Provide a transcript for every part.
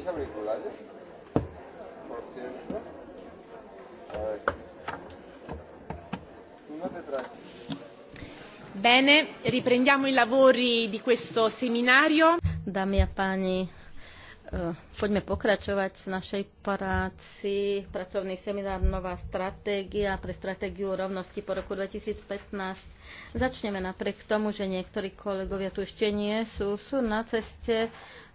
¿Podéis ¿Tenéis auriculares? Por cierto. A ver. No te Bene, riprendiamo i lavori di questo seminario. Dámy a páni, eh, poďme pokračovať v našej práci. Pracovný seminár Nová stratégia pre stratégiu rovnosti po roku 2015. Začneme napriek tomu, že niektorí kolegovia tu ešte nie sú, sú na ceste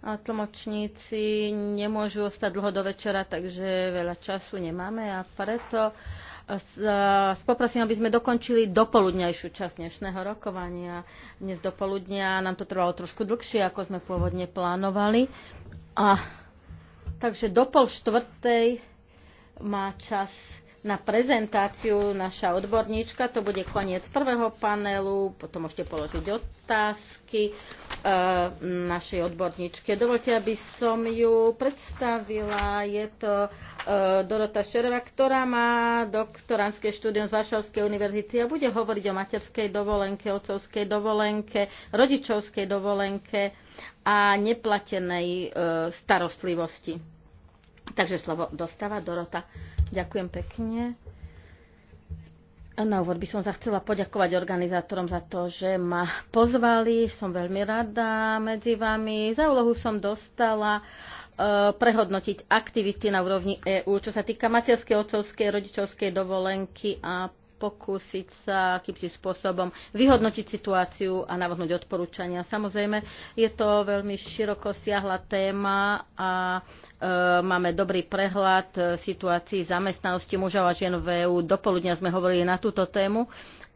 a tlmočníci nemôžu ostať dlho do večera, takže veľa času nemáme a preto e, e, s poprosím, aby sme dokončili dopoludňajšiu časť dnešného rokovania. Dnes dopoludňa nám to trvalo trošku dlhšie, ako sme pôvodne plánovali. A, takže do pol štvrtej má čas na prezentáciu naša odborníčka. To bude koniec prvého panelu, potom môžete položiť otázky e, našej odborníčke. Dovolte, aby som ju predstavila. Je to e, Dorota Šerová, ktorá má doktorantské štúdium z Varšavskej univerzity a bude hovoriť o materskej dovolenke, otcovskej dovolenke, rodičovskej dovolenke a neplatenej e, starostlivosti. Takže slovo dostáva Dorota. Ďakujem pekne. Na úvod by som sa chcela poďakovať organizátorom za to, že ma pozvali. Som veľmi rada medzi vami. Za úlohu som dostala e, prehodnotiť aktivity na úrovni EÚ, čo sa týka materskej, otcovskej, rodičovskej dovolenky a pokúsiť sa akýmsi spôsobom vyhodnotiť situáciu a navodnúť odporúčania. Samozrejme, je to veľmi široko siahla téma a e, máme dobrý prehľad situácií zamestnanosti mužov a žien v EU. Dopoludňa sme hovorili na túto tému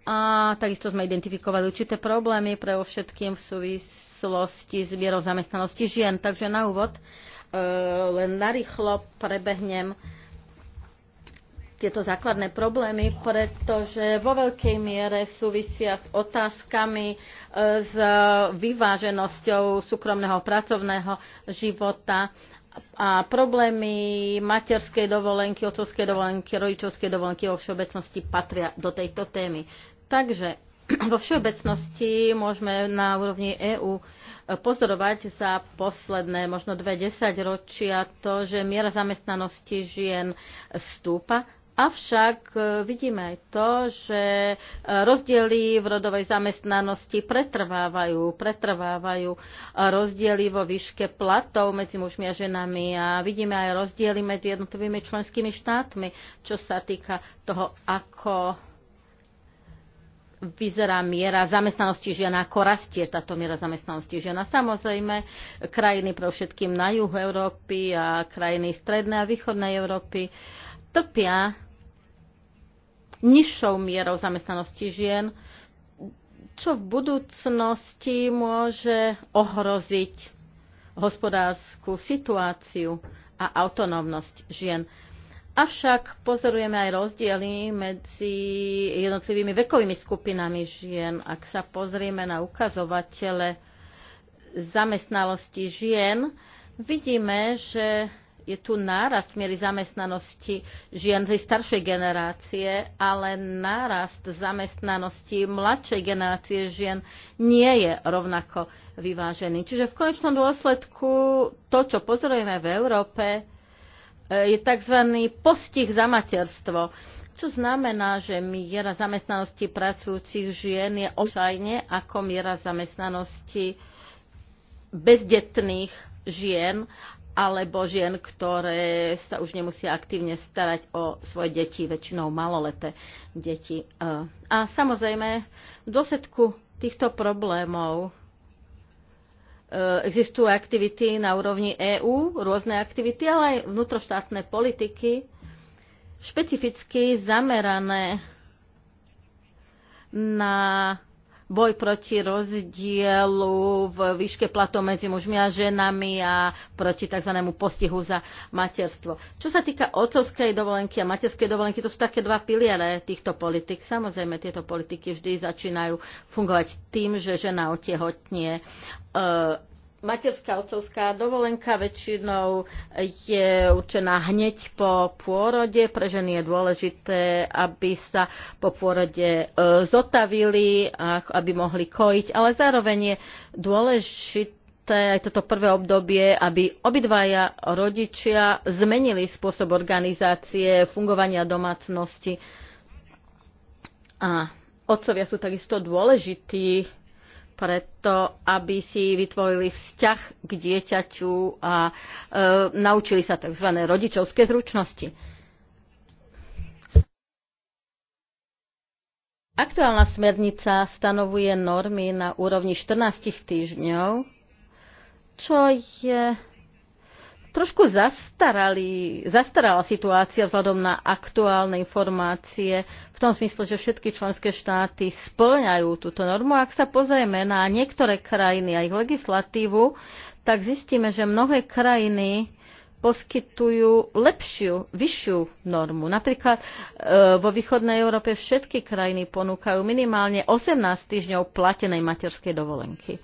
a takisto sme identifikovali určité problémy pre všetkým v súvislosti s mierou zamestnanosti žien. Takže na úvod e, len narýchlo prebehnem tieto základné problémy, pretože vo veľkej miere súvisia s otázkami e, s vyváženosťou súkromného pracovného života a problémy materskej dovolenky, otcovskej dovolenky, rodičovskej dovolenky vo všeobecnosti patria do tejto témy. Takže vo všeobecnosti môžeme na úrovni EÚ e, pozorovať za posledné možno dve desaťročia to, že miera zamestnanosti žien stúpa Avšak e, vidíme aj to, že e, rozdiely v rodovej zamestnanosti pretrvávajú, pretrvávajú rozdiely vo výške platov medzi mužmi a ženami a vidíme aj rozdiely medzi jednotlivými členskými štátmi, čo sa týka toho, ako vyzerá miera zamestnanosti žien, ako rastie táto miera zamestnanosti žien. samozrejme krajiny pre všetkým na juhu Európy a krajiny strednej a východnej Európy trpia nižšou mierou zamestnanosti žien, čo v budúcnosti môže ohroziť hospodárskú situáciu a autonómnosť žien. Avšak pozorujeme aj rozdiely medzi jednotlivými vekovými skupinami žien. Ak sa pozrieme na ukazovatele zamestnalosti žien, vidíme, že je tu nárast miery zamestnanosti žien tej staršej generácie, ale nárast zamestnanosti mladšej generácie žien nie je rovnako vyvážený. Čiže v konečnom dôsledku to, čo pozorujeme v Európe, e, je tzv. postih za materstvo čo znamená, že miera zamestnanosti pracujúcich žien je očajne ako miera zamestnanosti bezdetných žien alebo žien, ktoré sa už nemusia aktívne starať o svoje deti, väčšinou maloleté deti. A samozrejme, v dôsledku týchto problémov e, existujú aktivity na úrovni EÚ, rôzne aktivity, ale aj vnútroštátne politiky, špecificky zamerané na boj proti rozdielu v výške platov medzi mužmi a ženami a proti tzv. postihu za materstvo. Čo sa týka otcovskej dovolenky a materskej dovolenky, to sú také dva piliere týchto politik. Samozrejme, tieto politiky vždy začínajú fungovať tým, že žena otehotnie e, materská otcovská dovolenka väčšinou je určená hneď po pôrode. Pre ženy je dôležité, aby sa po pôrode e, zotavili, aby mohli kojiť, ale zároveň je dôležité aj toto prvé obdobie, aby obidvaja rodičia zmenili spôsob organizácie, fungovania domácnosti. A otcovia sú takisto dôležití preto, aby si vytvorili vzťah k dieťaťu a e, naučili sa tzv. rodičovské zručnosti. Aktuálna smernica stanovuje normy na úrovni 14 týždňov, čo je trošku zastarali, zastarala situácia vzhľadom na aktuálne informácie v tom smysle, že všetky členské štáty splňajú túto normu. Ak sa pozrieme na niektoré krajiny a ich legislatívu, tak zistíme, že mnohé krajiny poskytujú lepšiu, vyššiu normu. Napríklad e, vo východnej Európe všetky krajiny ponúkajú minimálne 18 týždňov platenej materskej dovolenky.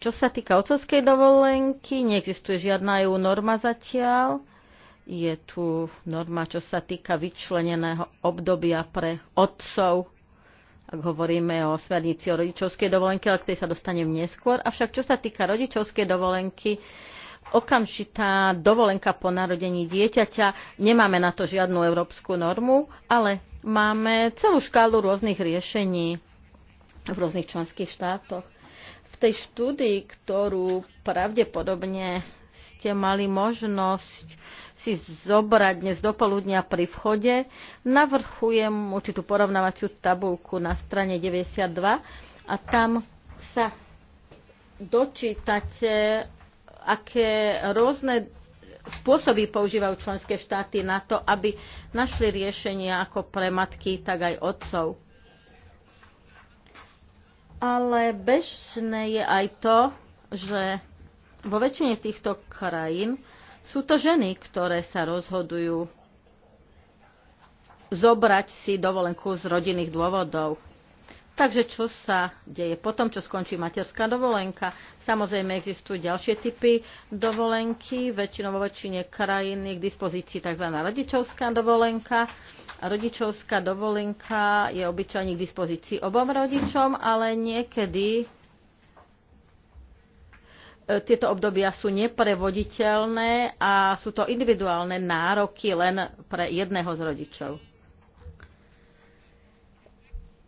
Čo sa týka otcovskej dovolenky, neexistuje žiadna EU norma zatiaľ. Je tu norma, čo sa týka vyčleneného obdobia pre otcov, ak hovoríme o smernici o rodičovskej dovolenke, ale k tej sa dostanem neskôr. Avšak čo sa týka rodičovskej dovolenky, okamžitá dovolenka po narodení dieťaťa, nemáme na to žiadnu európsku normu, ale máme celú škálu rôznych riešení v rôznych členských štátoch tej štúdii, ktorú pravdepodobne ste mali možnosť si zobrať dnes dopoludnia pri vchode, navrchujem určitú porovnávaciu tabulku na strane 92 a tam sa dočítate, aké rôzne spôsoby používajú členské štáty na to, aby našli riešenia ako pre matky, tak aj otcov ale bežné je aj to, že vo väčšine týchto krajín sú to ženy, ktoré sa rozhodujú zobrať si dovolenku z rodinných dôvodov. Takže čo sa deje potom, čo skončí materská dovolenka? Samozrejme existujú ďalšie typy dovolenky. Väčšinou vo väčšine krajín je k dispozícii tzv. rodičovská dovolenka. A rodičovská dovolenka je obyčajne k dispozícii obom rodičom, ale niekedy e, tieto obdobia sú neprevoditeľné a sú to individuálne nároky len pre jedného z rodičov.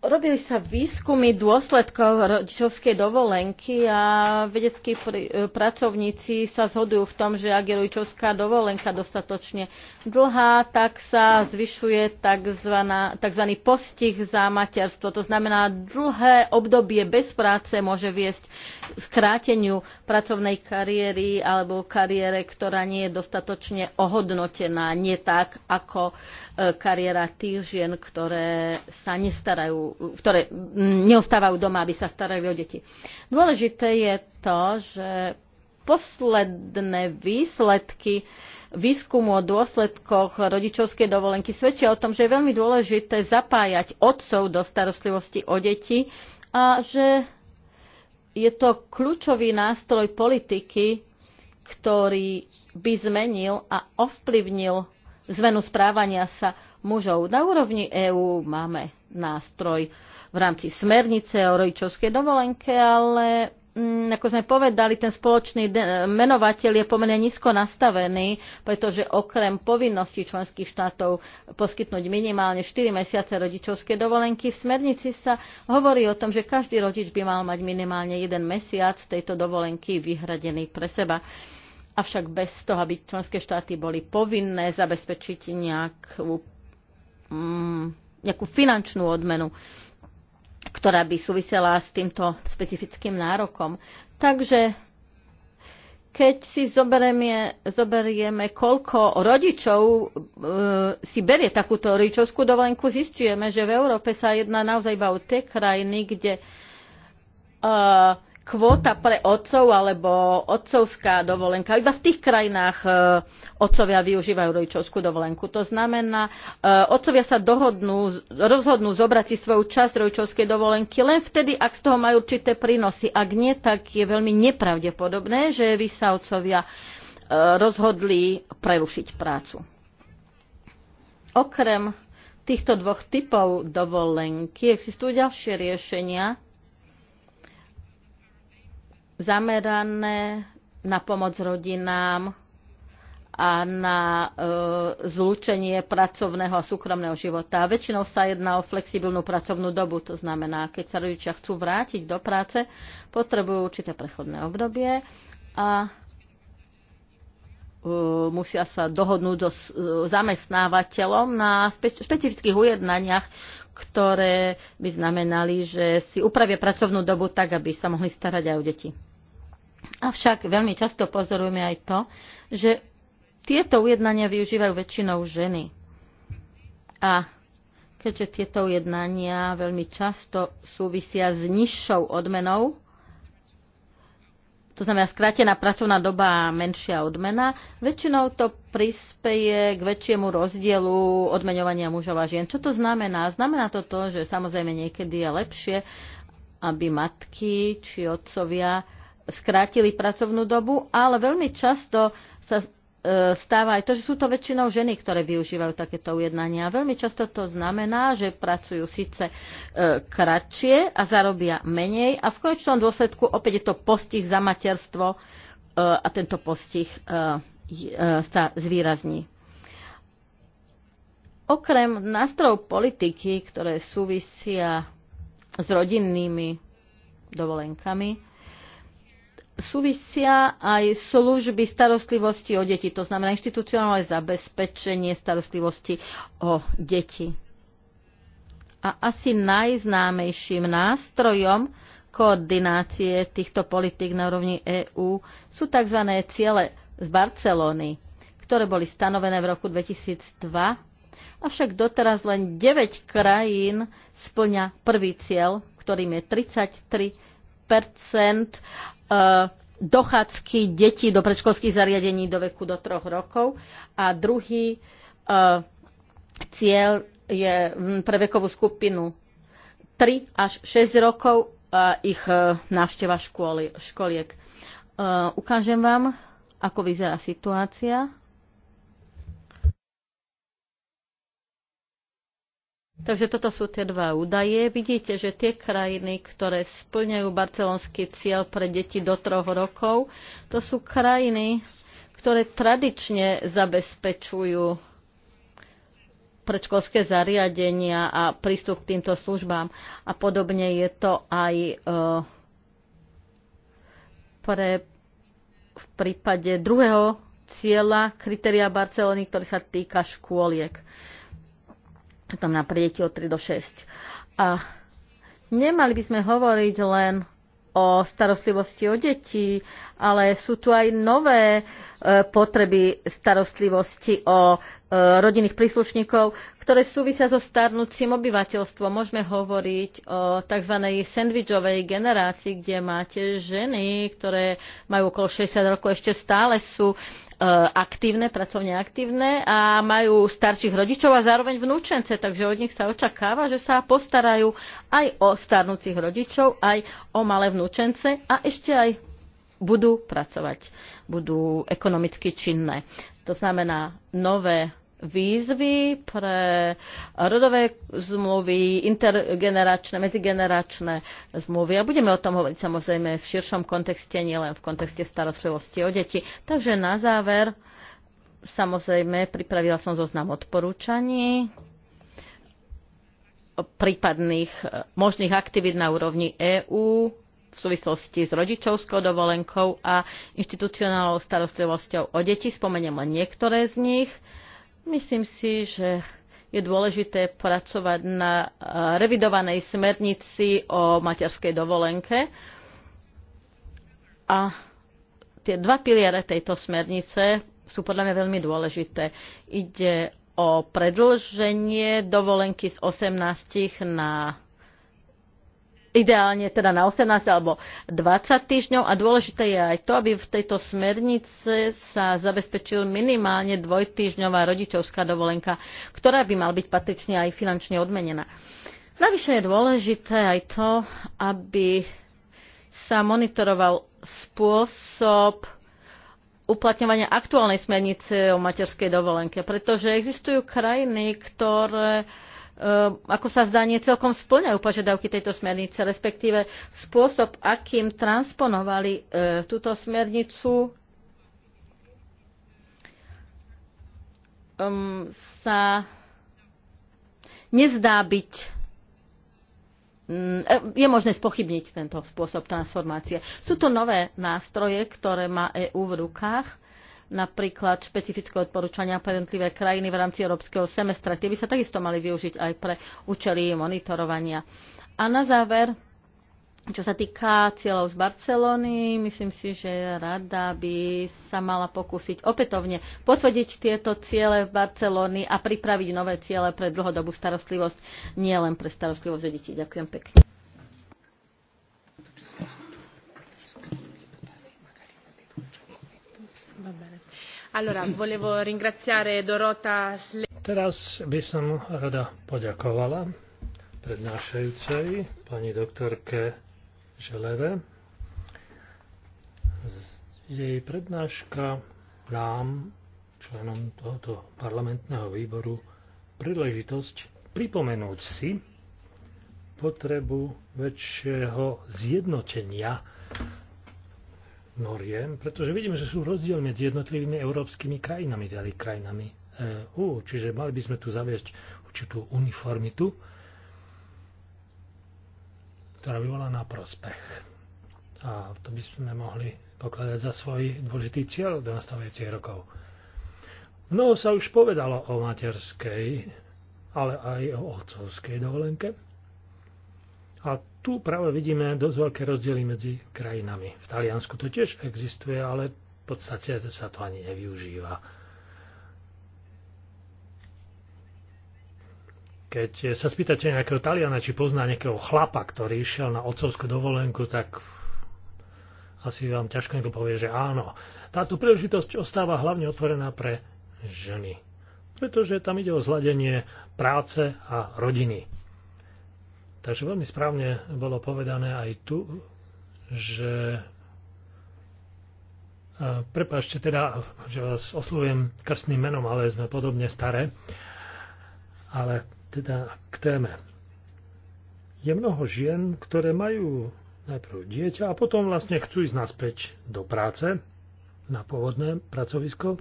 Robili sa výskumy dôsledkov rodičovskej dovolenky a vedeckí pr- e, pracovníci sa zhodujú v tom, že ak je rodičovská dovolenka dostatočne dlhá, tak sa zvyšuje tzv. postih za materstvo. To znamená, dlhé obdobie bez práce môže viesť skráteniu pracovnej kariéry alebo kariére, ktorá nie je dostatočne ohodnotená, nie tak ako e, kariéra tých žien, ktoré sa nestarajú ktoré mm, neostávajú doma, aby sa starali o deti. Dôležité je to, že posledné výsledky výskumu o dôsledkoch rodičovskej dovolenky svedčia o tom, že je veľmi dôležité zapájať otcov do starostlivosti o deti a že je to kľúčový nástroj politiky, ktorý by zmenil a ovplyvnil zmenu správania sa mužov. Na úrovni EÚ máme nástroj v rámci smernice o rodičovskej dovolenke, ale mm, ako sme povedali, ten spoločný menovateľ je pomerne nízko nastavený, pretože okrem povinnosti členských štátov poskytnúť minimálne 4 mesiace rodičovskej dovolenky, v smernici sa hovorí o tom, že každý rodič by mal mať minimálne jeden mesiac tejto dovolenky vyhradený pre seba. Avšak bez toho, aby členské štáty boli povinné zabezpečiť nejakú mm, nejakú finančnú odmenu, ktorá by súvisela s týmto specifickým nárokom. Takže keď si zoberieme, zoberieme koľko rodičov e, si berie takúto rodičovskú dovolenku, zistujeme, že v Európe sa jedná naozaj iba o tie krajiny, kde e, kvóta pre otcov alebo otcovská dovolenka. Iba v tých krajinách e, otcovia využívajú rodičovskú dovolenku. To znamená, e, otcovia sa dohodnú, rozhodnú zobrať si svoju časť rodičovskej dovolenky len vtedy, ak z toho majú určité prínosy. Ak nie, tak je veľmi nepravdepodobné, že vy sa otcovia e, rozhodli prerušiť prácu. Okrem týchto dvoch typov dovolenky existujú ďalšie riešenia, zamerané na pomoc rodinám a na e, zlúčenie pracovného a súkromného života. A väčšinou sa jedná o flexibilnú pracovnú dobu, to znamená, keď sa rodičia chcú vrátiť do práce, potrebujú určité prechodné obdobie a e, musia sa dohodnúť so e, zamestnávateľom na špecifických ujednaniach, ktoré by znamenali, že si upravia pracovnú dobu tak, aby sa mohli starať aj o deti. Avšak veľmi často pozorujeme aj to, že tieto ujednania využívajú väčšinou ženy. A keďže tieto ujednania veľmi často súvisia s nižšou odmenou, to znamená skrátená pracovná doba a menšia odmena, väčšinou to prispeje k väčšiemu rozdielu odmeňovania mužov a žien. Čo to znamená? Znamená to to, že samozrejme niekedy je lepšie, aby matky či otcovia skrátili pracovnú dobu, ale veľmi často sa e, stáva aj to, že sú to väčšinou ženy, ktoré využívajú takéto ujednania. Veľmi často to znamená, že pracujú síce e, kratšie a zarobia menej a v konečnom dôsledku opäť je to postih za materstvo e, a tento postih e, e sa zvýrazní. Okrem nástrojov politiky, ktoré súvisia s rodinnými dovolenkami, súvisia aj služby starostlivosti o deti, to znamená inštitucionálne zabezpečenie starostlivosti o deti. A asi najznámejším nástrojom koordinácie týchto politík na úrovni EÚ sú tzv. ciele z Barcelóny, ktoré boli stanovené v roku 2002 Avšak doteraz len 9 krajín splňa prvý cieľ, ktorým je 33 Eh, dochádzky detí do predškolských zariadení do veku do troch rokov a druhý eh, cieľ je mm, pre vekovú skupinu 3 až 6 rokov a ich eh, návšteva školiek. Ukážem vám, ako vyzerá situácia. Takže toto sú tie dva údaje. Vidíte, že tie krajiny, ktoré splňajú barcelonský cieľ pre deti do troch rokov, to sú krajiny, ktoré tradične zabezpečujú predškolské zariadenia a prístup k týmto službám. A podobne je to aj e, pre v prípade druhého cieľa kritéria Barcelony, ktorý sa týka škôliek tam na pre deti od 3 do 6. A nemali by sme hovoriť len o starostlivosti o deti, ale sú tu aj nové e, potreby starostlivosti o e, rodinných príslušníkov, ktoré súvisia so starnúcim obyvateľstvom. Môžeme hovoriť o tzv. sandvičovej generácii, kde máte ženy, ktoré majú okolo 60 rokov, ešte stále sú Eh, aktívne, pracovne aktívne a majú starších rodičov a zároveň vnúčence, takže od nich sa očakáva, že sa postarajú aj o starnúcich rodičov, aj o malé vnúčence a ešte aj budú pracovať, budú ekonomicky činné. To znamená, nové výzvy pre rodové zmluvy, intergeneračné, medzigeneračné zmluvy. A budeme o tom hovoriť samozrejme v širšom kontexte, nielen v kontexte starostlivosti o deti. Takže na záver, samozrejme, pripravila som zoznam odporúčaní prípadných eh, možných aktivít na úrovni EÚ v súvislosti s rodičovskou dovolenkou a inštitucionálnou starostlivosťou o deti. Spomeniem len niektoré z nich Myslím si, že je dôležité pracovať na e, revidovanej smernici o materskej dovolenke. A tie dva piliere tejto smernice sú podľa mňa veľmi dôležité. Ide o predlženie dovolenky z 18 na ideálne teda na 18 alebo 20 týždňov a dôležité je aj to, aby v tejto smernice sa zabezpečil minimálne dvojtýždňová rodičovská dovolenka, ktorá by mal byť patrične aj finančne odmenená. Navyše je dôležité aj to, aby sa monitoroval spôsob uplatňovania aktuálnej smernice o materskej dovolenke, pretože existujú krajiny, ktoré Ehm, ako sa zdá, nie celkom splňajú požiadavky tejto smernice, respektíve spôsob, akým transponovali ehm, túto smernicu, ehm, sa nezdá byť mm, je možné spochybniť tento spôsob transformácie. Sú to nové nástroje, ktoré má EÚ v rukách napríklad špecifické odporúčania pre jednotlivé krajiny v rámci európskeho semestra. Tie by sa takisto mali využiť aj pre účely monitorovania. A na záver, čo sa týka cieľov z Barcelony, myslím si, že rada by sa mala pokúsiť opätovne potvrdiť tieto ciele v Barcelony a pripraviť nové ciele pre dlhodobú starostlivosť, nielen pre starostlivosť o deti. Ďakujem pekne. Bye-bye. Teraz by som rada poďakovala prednášajúcej pani doktorke Želeve. Jej prednáška nám, členom tohoto parlamentného výboru, príležitosť pripomenúť si potrebu väčšieho zjednotenia noriem, pretože vidíme, že sú rozdiel medzi jednotlivými európskymi krajinami, ďalej krajinami EU. Čiže mali by sme tu zaviesť určitú uniformitu, ktorá by bola na prospech. A to by sme mohli pokladať za svoj dôležitý cieľ do nastavujúcich rokov. Mnoho sa už povedalo o materskej, ale aj o otcovskej dovolenke tu práve vidíme dosť veľké rozdiely medzi krajinami. V Taliansku to tiež existuje, ale v podstate sa to ani nevyužíva. Keď sa spýtate nejakého Taliana, či pozná nejakého chlapa, ktorý išiel na otcovskú dovolenku, tak asi vám ťažko niekto povie, že áno. Táto príležitosť ostáva hlavne otvorená pre ženy. Pretože tam ide o zladenie práce a rodiny. Takže veľmi správne bolo povedané aj tu, že prepáčte teda, že vás oslujem krstným menom, ale sme podobne staré. Ale teda k téme. Je mnoho žien, ktoré majú najprv dieťa a potom vlastne chcú ísť naspäť do práce, na pôvodné pracovisko.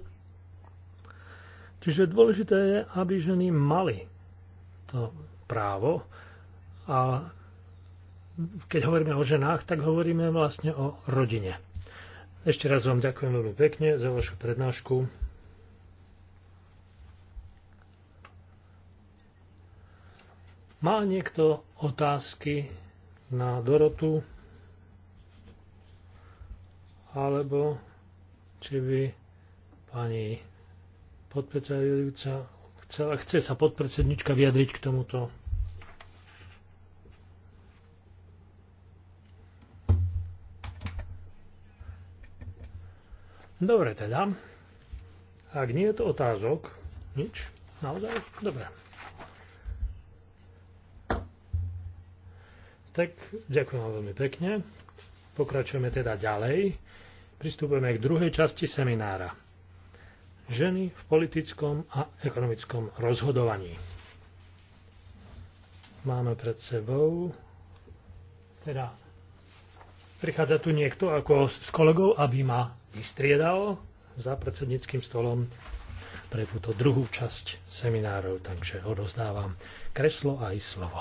Čiže dôležité je, aby ženy mali to právo a keď hovoríme o ženách, tak hovoríme vlastne o rodine. Ešte raz vám ďakujem veľmi pekne za vašu prednášku. Má niekto otázky na Dorotu? Alebo či by pani podpredsedajúca chcela, chce sa podpredsednička vyjadriť k tomuto Dobre teda. Ak nie je to otázok, nič, naozaj, dobre. Tak ďakujem vám veľmi pekne. Pokračujeme teda ďalej. Pristupujeme k druhej časti seminára. Ženy v politickom a ekonomickom rozhodovaní. Máme pred sebou teda prichádza tu niekto ako s kolegou, aby ma vystriedal za predsedníckým stolom pre túto druhú časť seminárov, takže odozdávam kreslo aj slovo.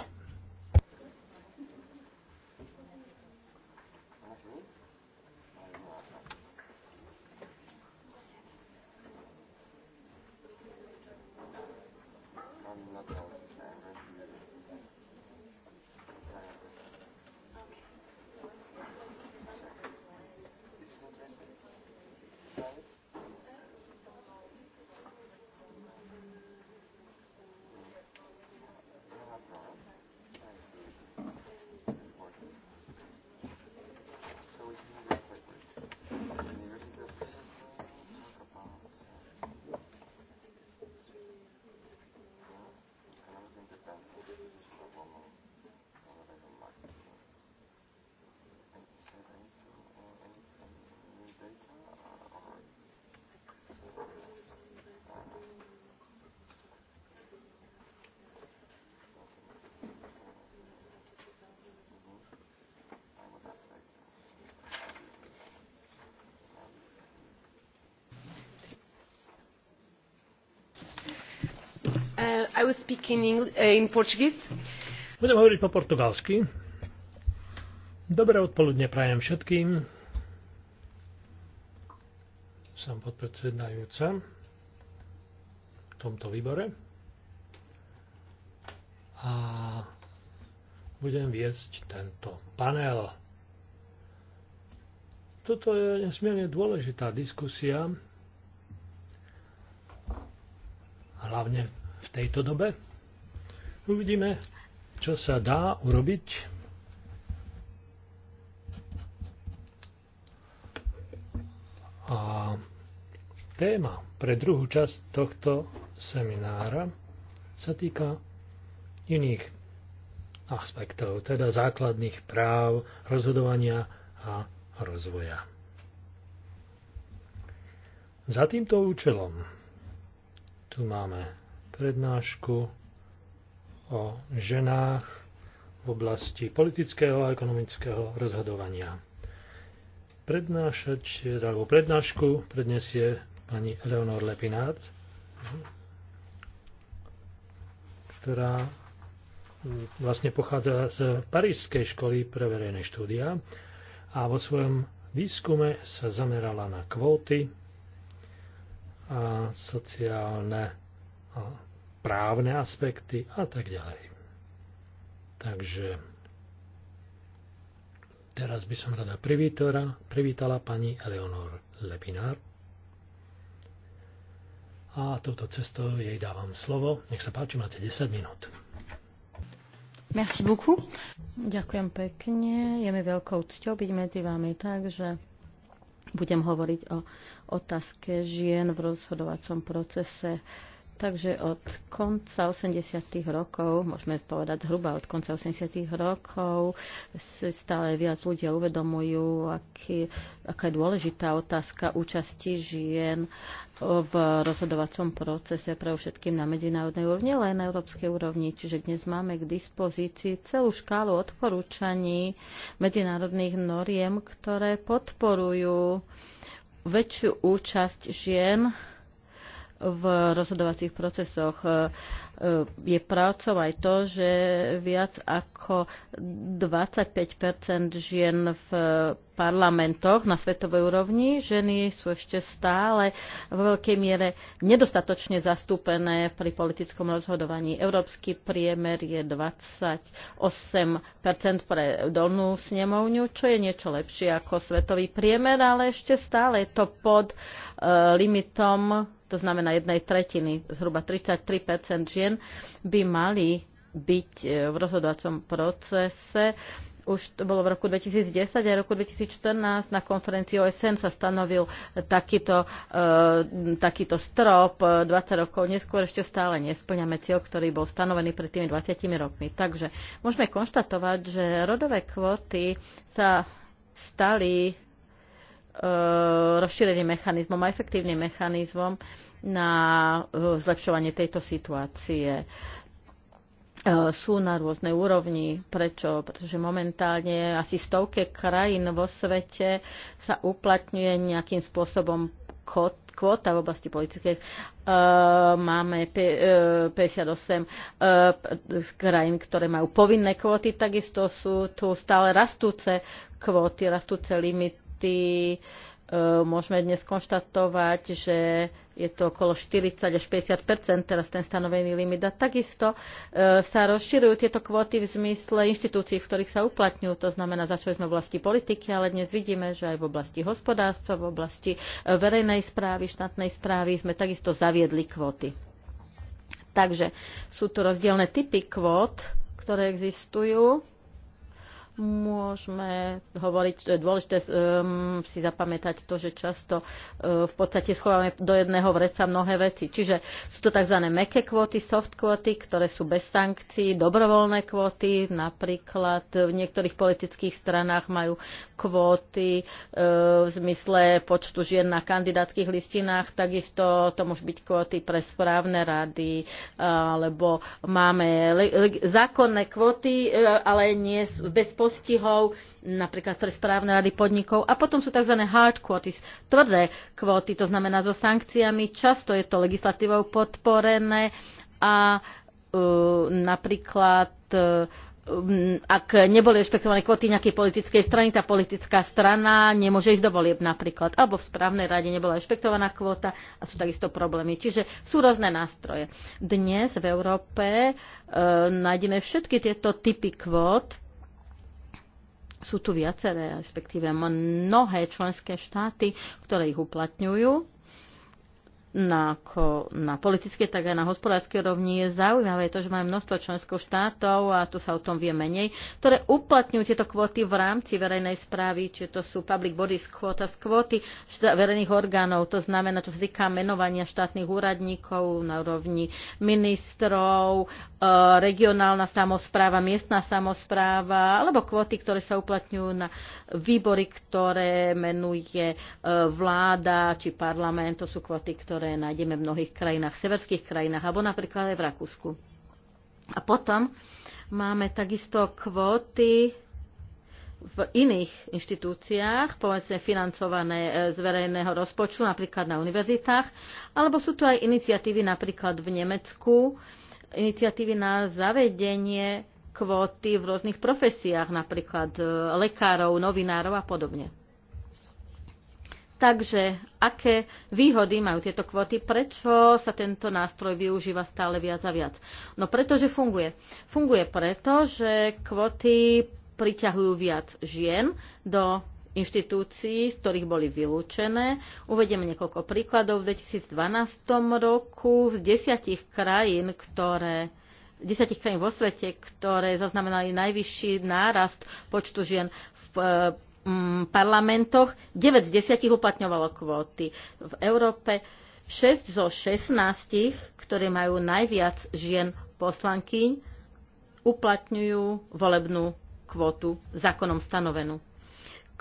Eh, budem hovoriť po portugalsky. Dobré odpoludne prajem všetkým. Som podpredsedajúca v tomto výbore. A budem viesť tento panel. Toto je nesmierne dôležitá diskusia, hlavne v tejto dobe. Uvidíme, čo sa dá urobiť. A téma pre druhú časť tohto seminára sa týka iných aspektov, teda základných práv, rozhodovania a rozvoja. Za týmto účelom tu máme prednášku o ženách v oblasti politického a ekonomického rozhodovania. Prednášať, alebo prednášku predniesie pani Eleonor Lepinát, ktorá vlastne pochádza z Parížskej školy pre verejné štúdia a vo svojom výskume sa zamerala na kvóty a sociálne právne aspekty a tak ďalej. Takže teraz by som rada privítala, privítala pani Eleonor Lepinár. A touto cestou jej dávam slovo. Nech sa páči, máte 10 minút. Merci beaucoup. Ďakujem pekne. Je mi veľkou cťou byť medzi vami, takže budem hovoriť o otázke žien v rozhodovacom procese Takže od konca 80. rokov, môžeme povedať zhruba od konca 80. rokov, si stále viac ľudia uvedomujú, aký, aká je dôležitá otázka účasti žien v rozhodovacom procese pre všetkým na medzinárodnej úrovni, ale aj na európskej úrovni. Čiže dnes máme k dispozícii celú škálu odporúčaní medzinárodných noriem, ktoré podporujú väčšiu účasť žien v rozhodovacích procesoch. E, e, je prácou aj to, že viac ako 25 žien v parlamentoch na svetovej úrovni, ženy sú ešte stále vo veľkej miere nedostatočne zastúpené pri politickom rozhodovaní. Európsky priemer je 28 pre dolnú snemovňu, čo je niečo lepšie ako svetový priemer, ale ešte stále je to pod e, limitom to znamená jednej tretiny, zhruba 33 žien by mali byť e, v rozhodovacom procese. Už to bolo v roku 2010 a v roku 2014 na konferencii OSN sa stanovil e, takýto, e, takýto strop. 20 e, rokov neskôr ešte stále nesplňame cieľ, ktorý bol stanovený pred tými 20 rokmi. Takže môžeme konštatovať, že rodové kvóty sa stali E, rozšíreným mechanizmom a efektívnym mechanizmom na e, zlepšovanie tejto situácie. E, sú na rôznej úrovni. Prečo? Pretože momentálne asi stovke krajín vo svete sa uplatňuje nejakým spôsobom kvota v oblasti Uh, Máme 58 krajín, ktoré majú povinné kvóty, takisto sú tu stále rastúce kvóty, rastúce limity štáty. E, môžeme dnes konštatovať, že je to okolo 40 až 50 teraz ten stanovený limit. A takisto e, sa rozširujú tieto kvóty v zmysle inštitúcií, v ktorých sa uplatňujú. To znamená, začali sme v oblasti politiky, ale dnes vidíme, že aj v oblasti hospodárstva, v oblasti e, verejnej správy, štátnej správy sme takisto zaviedli kvóty. Takže sú tu rozdielne typy kvót, ktoré existujú môžeme hovoriť, že je dôležité um, si zapamätať to, že často uh, v podstate schováme do jedného vreca mnohé veci. Čiže sú to tzv. meké kvóty, soft kvóty, ktoré sú bez sankcií, dobrovoľné kvóty, napríklad v niektorých politických stranách majú kvóty uh, v zmysle počtu žien na kandidátskych listinách, takisto to môžu byť kvóty pre správne rady, uh, alebo máme zákonné kvóty, uh, ale nie bez postihov, napríklad pre správne rady podnikov. A potom sú tzv. hard quotas, tvrdé kvóty, to znamená so sankciami. Často je to legislatívou podporené a uh, napríklad uh, ak neboli rešpektované kvóty nejakej politickej strany, tá politická strana nemôže ísť do volieb napríklad, alebo v správnej rade nebola rešpektovaná kvóta a sú takisto problémy. Čiže sú rôzne nástroje. Dnes v Európe e, nájdeme všetky tieto typy kvót sú tu viaceré, respektíve mnohé členské štáty, ktoré ich uplatňujú na, ako, na politické, tak aj na hospodárskej rovni je zaujímavé to, že máme množstvo členských štátov, a tu sa o tom vie menej, ktoré uplatňujú tieto kvóty v rámci verejnej správy, či to sú public bodies kvóta z kvóty verejných orgánov. To znamená, čo sa týka menovania štátnych úradníkov na úrovni ministrov, e, regionálna samozpráva, miestna samozpráva, alebo kvóty, ktoré sa uplatňujú na výbory, ktoré menuje e, vláda či parlament. To sú kvóty, ktoré ktoré nájdeme v mnohých krajinách, v severských krajinách, alebo napríklad aj v Rakúsku. A potom máme takisto kvóty v iných inštitúciách, povedzme financované e, z verejného rozpočtu, napríklad na univerzitách, alebo sú tu aj iniciatívy napríklad v Nemecku, iniciatívy na zavedenie kvóty v rôznych profesiách, napríklad e, lekárov, novinárov a podobne. Takže aké výhody majú tieto kvóty? Prečo sa tento nástroj využíva stále viac a viac? No pretože funguje. Funguje preto, že kvóty priťahujú viac žien do inštitúcií, z ktorých boli vylúčené. Uvediem niekoľko príkladov. V 2012 roku z desiatich krajín, ktoré desiatich krajín vo svete, ktoré zaznamenali najvyšší nárast počtu žien v Mm, parlamentoch 9 z 10 uplatňovalo kvóty. V Európe 6 zo 16, ktorí majú najviac žien poslankyň, uplatňujú volebnú kvótu zákonom stanovenú.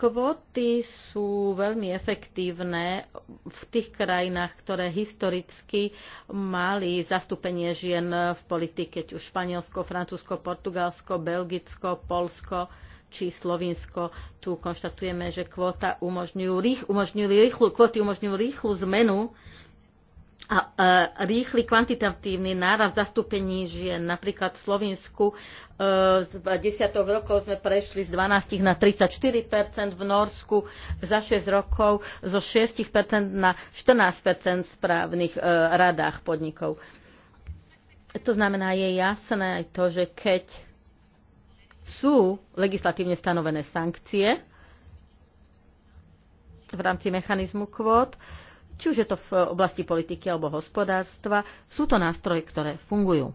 Kvóty sú veľmi efektívne v tých krajinách, ktoré historicky mali zastúpenie žien v politike, či už Španielsko, Francúzsko, Portugalsko, Belgicko, Polsko či Slovinsko. Tu konštatujeme, že kvóta umožňujú, rých, umožňujú rýchlu, kvóty umožňujú rýchlu zmenu a, a e, rýchly kvantitatívny náraz zastúpení žien. Napríklad v Slovinsku e, z 10 rokov sme prešli z 12 na 34 v Norsku za 6 rokov zo 6 na 14 v správnych e, radách podnikov. To znamená, je jasné aj to, že keď sú legislatívne stanovené sankcie v rámci mechanizmu kvót, či už je to v oblasti politiky alebo hospodárstva. Sú to nástroje, ktoré fungujú.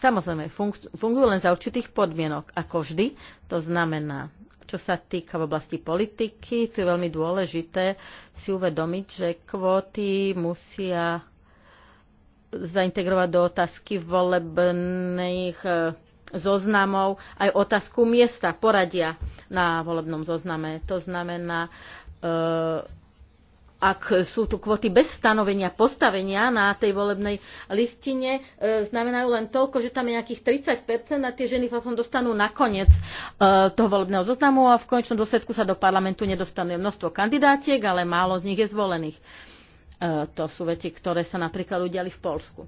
Samozrejme, fungujú len za určitých podmienok, ako vždy. To znamená, čo sa týka v oblasti politiky, tu je veľmi dôležité si uvedomiť, že kvóty musia zaintegrovať do otázky volebných eh, zoznamov aj otázku miesta, poradia na volebnom zozname. To znamená, eh, ak sú tu kvoty bez stanovenia postavenia na tej volebnej listine, eh, znamenajú len toľko, že tam je nejakých 30 a tie ženy potom dostanú nakoniec eh, toho volebného zoznamu a v konečnom dôsledku sa do parlamentu nedostane množstvo kandidátiek, ale málo z nich je zvolených. to sú veci, ktoré sa napríklad udiali v Polsku.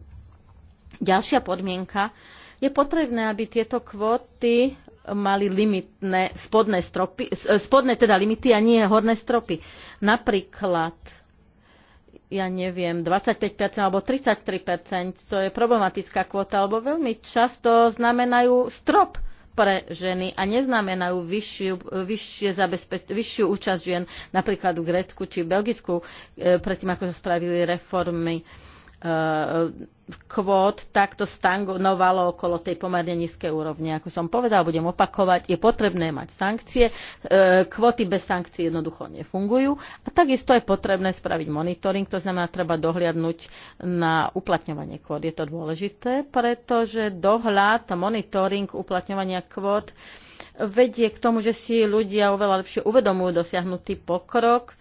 Ďalšia podmienka, je potrebné, aby tieto kvóty mali limitné spodné, stropy, e, spodné teda limity a nie horné stropy. Napríklad ja neviem, 25% alebo 33%, to je problematická kvota, lebo veľmi často znamenajú strop pre ženy a neznamenajú vyššiu, vyššie zabezpeč- vyššiu účasť žien napríklad v Grécku či Belgicku, e, predtým ako sa spravili reformy e, kvót takto stanovalo okolo tej pomerne nízkej úrovne. Ako som povedal, budem opakovať, je potrebné mať sankcie. E, kvóty bez sankcií jednoducho nefungujú. A takisto je potrebné spraviť monitoring, to znamená, treba dohliadnúť na uplatňovanie kvót. Je to dôležité, pretože dohľad, monitoring uplatňovania kvót vedie k tomu, že si ľudia oveľa lepšie uvedomujú dosiahnutý pokrok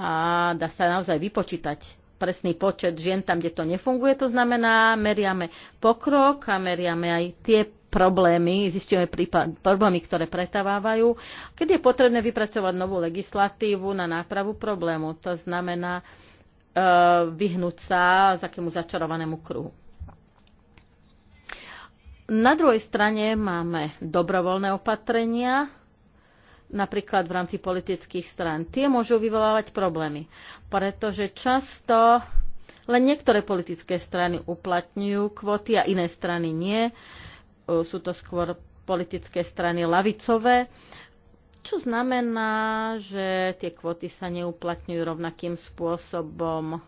a dá sa naozaj vypočítať presný počet žien tam, kde to nefunguje. To znamená, meriame pokrok a meriame aj tie problémy, zistíme prípad, problémy, ktoré pretávajú, keď je potrebné vypracovať novú legislatívu na nápravu problému. To znamená e, vyhnúť sa z akému začarovanému kruhu. Na druhej strane máme dobrovoľné opatrenia, napríklad v rámci politických strán. Tie môžu vyvolávať problémy, pretože často len niektoré politické strany uplatňujú kvóty a iné strany nie. E, sú to skôr politické strany lavicové, čo znamená, že tie kvóty sa neuplatňujú rovnakým spôsobom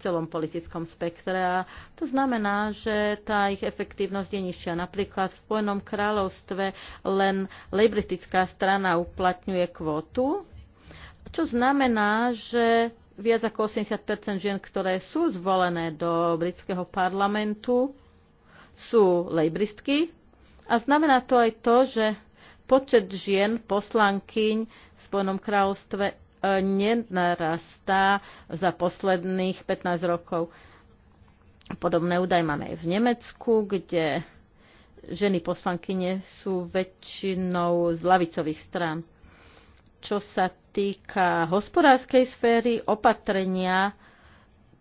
celom politickom spektre. A to znamená, že tá ich efektívnosť je nižšia. Napríklad v Spojenom kráľovstve len lejbristická strana uplatňuje kvótu, čo znamená, že viac ako 80 žien, ktoré sú zvolené do britského parlamentu, sú lejbristky. A znamená to aj to, že počet žien, poslankyň v Spojenom kráľovstve nenarastá za posledných 15 rokov. Podobné údaje máme aj v Nemecku, kde ženy poslankyne sú väčšinou z lavicových strán. Čo sa týka hospodárskej sféry, opatrenia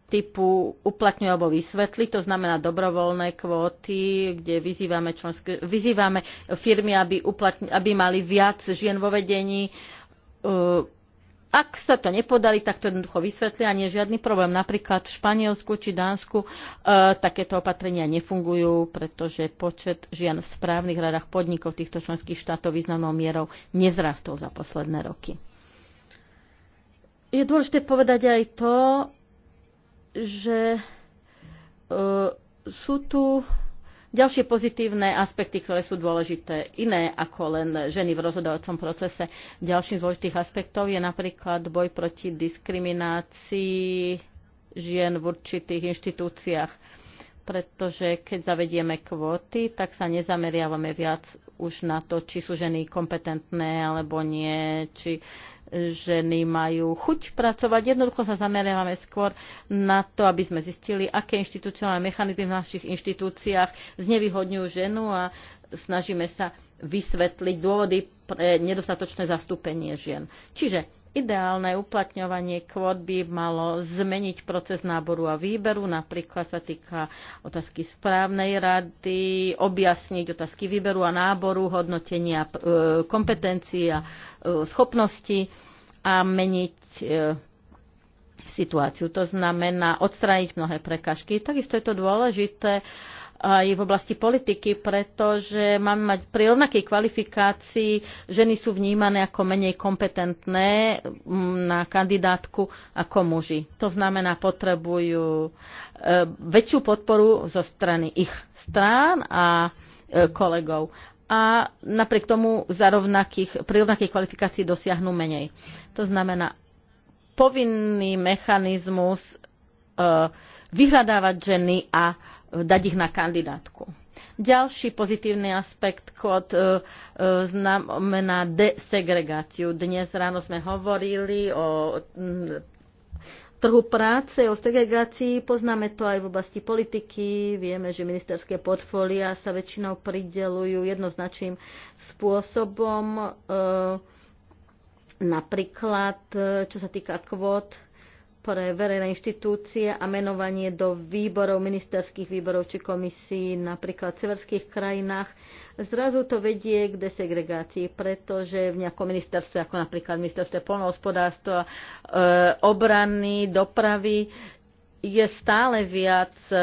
typu uplatňuj alebo vysvetli, to znamená dobrovoľné kvóty, kde vyzývame, členské, vyzývame firmy, aby, uplatň, aby mali viac žien vo vedení, e, ak sa to nepodarí, tak to jednoducho vysvetlia, nie je žiadny problém. Napríklad v Španielsku či Dánsku e, takéto opatrenia nefungujú, pretože počet žien v správnych radách podnikov týchto členských štátov významnou mierou nezrastol za posledné roky. Je dôležité povedať aj to, že e, sú tu Ďalšie pozitívne aspekty, ktoré sú dôležité, iné ako len ženy v rozhodovacom procese. Ďalším z dôležitých aspektov je napríklad boj proti diskriminácii žien v určitých inštitúciách pretože keď zavedieme kvóty, tak sa nezameriavame viac už na to, či sú ženy kompetentné alebo nie, či ženy majú chuť pracovať. Jednoducho sa zameriavame skôr na to, aby sme zistili, aké inštitucionálne mechanizmy v našich inštitúciách znevýhodňujú ženu a snažíme sa vysvetliť dôvody pre nedostatočné zastúpenie žien. Čiže Ideálne uplatňovanie kvót by malo zmeniť proces náboru a výberu, napríklad sa týka otázky správnej rady, objasniť otázky výberu a náboru, hodnotenia e, kompetencií a e, schopností a meniť e, situáciu. To znamená odstrániť mnohé prekažky. Takisto je to dôležité aj v oblasti politiky, pretože máme mať pri rovnakej kvalifikácii ženy sú vnímané ako menej kompetentné mm, na kandidátku ako muži. To znamená, potrebujú e, väčšiu podporu zo strany ich strán a e, kolegov a napriek tomu za rovnakých, pri rovnakej kvalifikácii dosiahnu menej. To znamená, povinný mechanizmus e, vyhľadávať ženy a E, dať ich na kandidátku. Ďalší pozitívny aspekt kód e, e, znamená desegregáciu. Dnes ráno sme hovorili o mm, trhu práce, o segregácii. Poznáme to aj v oblasti politiky. Vieme, že ministerské portfólia sa väčšinou pridelujú jednoznačným spôsobom. Napríklad, čo sa týka kvót, pre verejné inštitúcie a menovanie do výborov, ministerských výborov či komisí napríklad v severských krajinách, zrazu to vedie k desegregácii, pretože v nejakom ministerstve, ako napríklad ministerstve polnohospodárstva, e, obrany, dopravy, je stále viac e,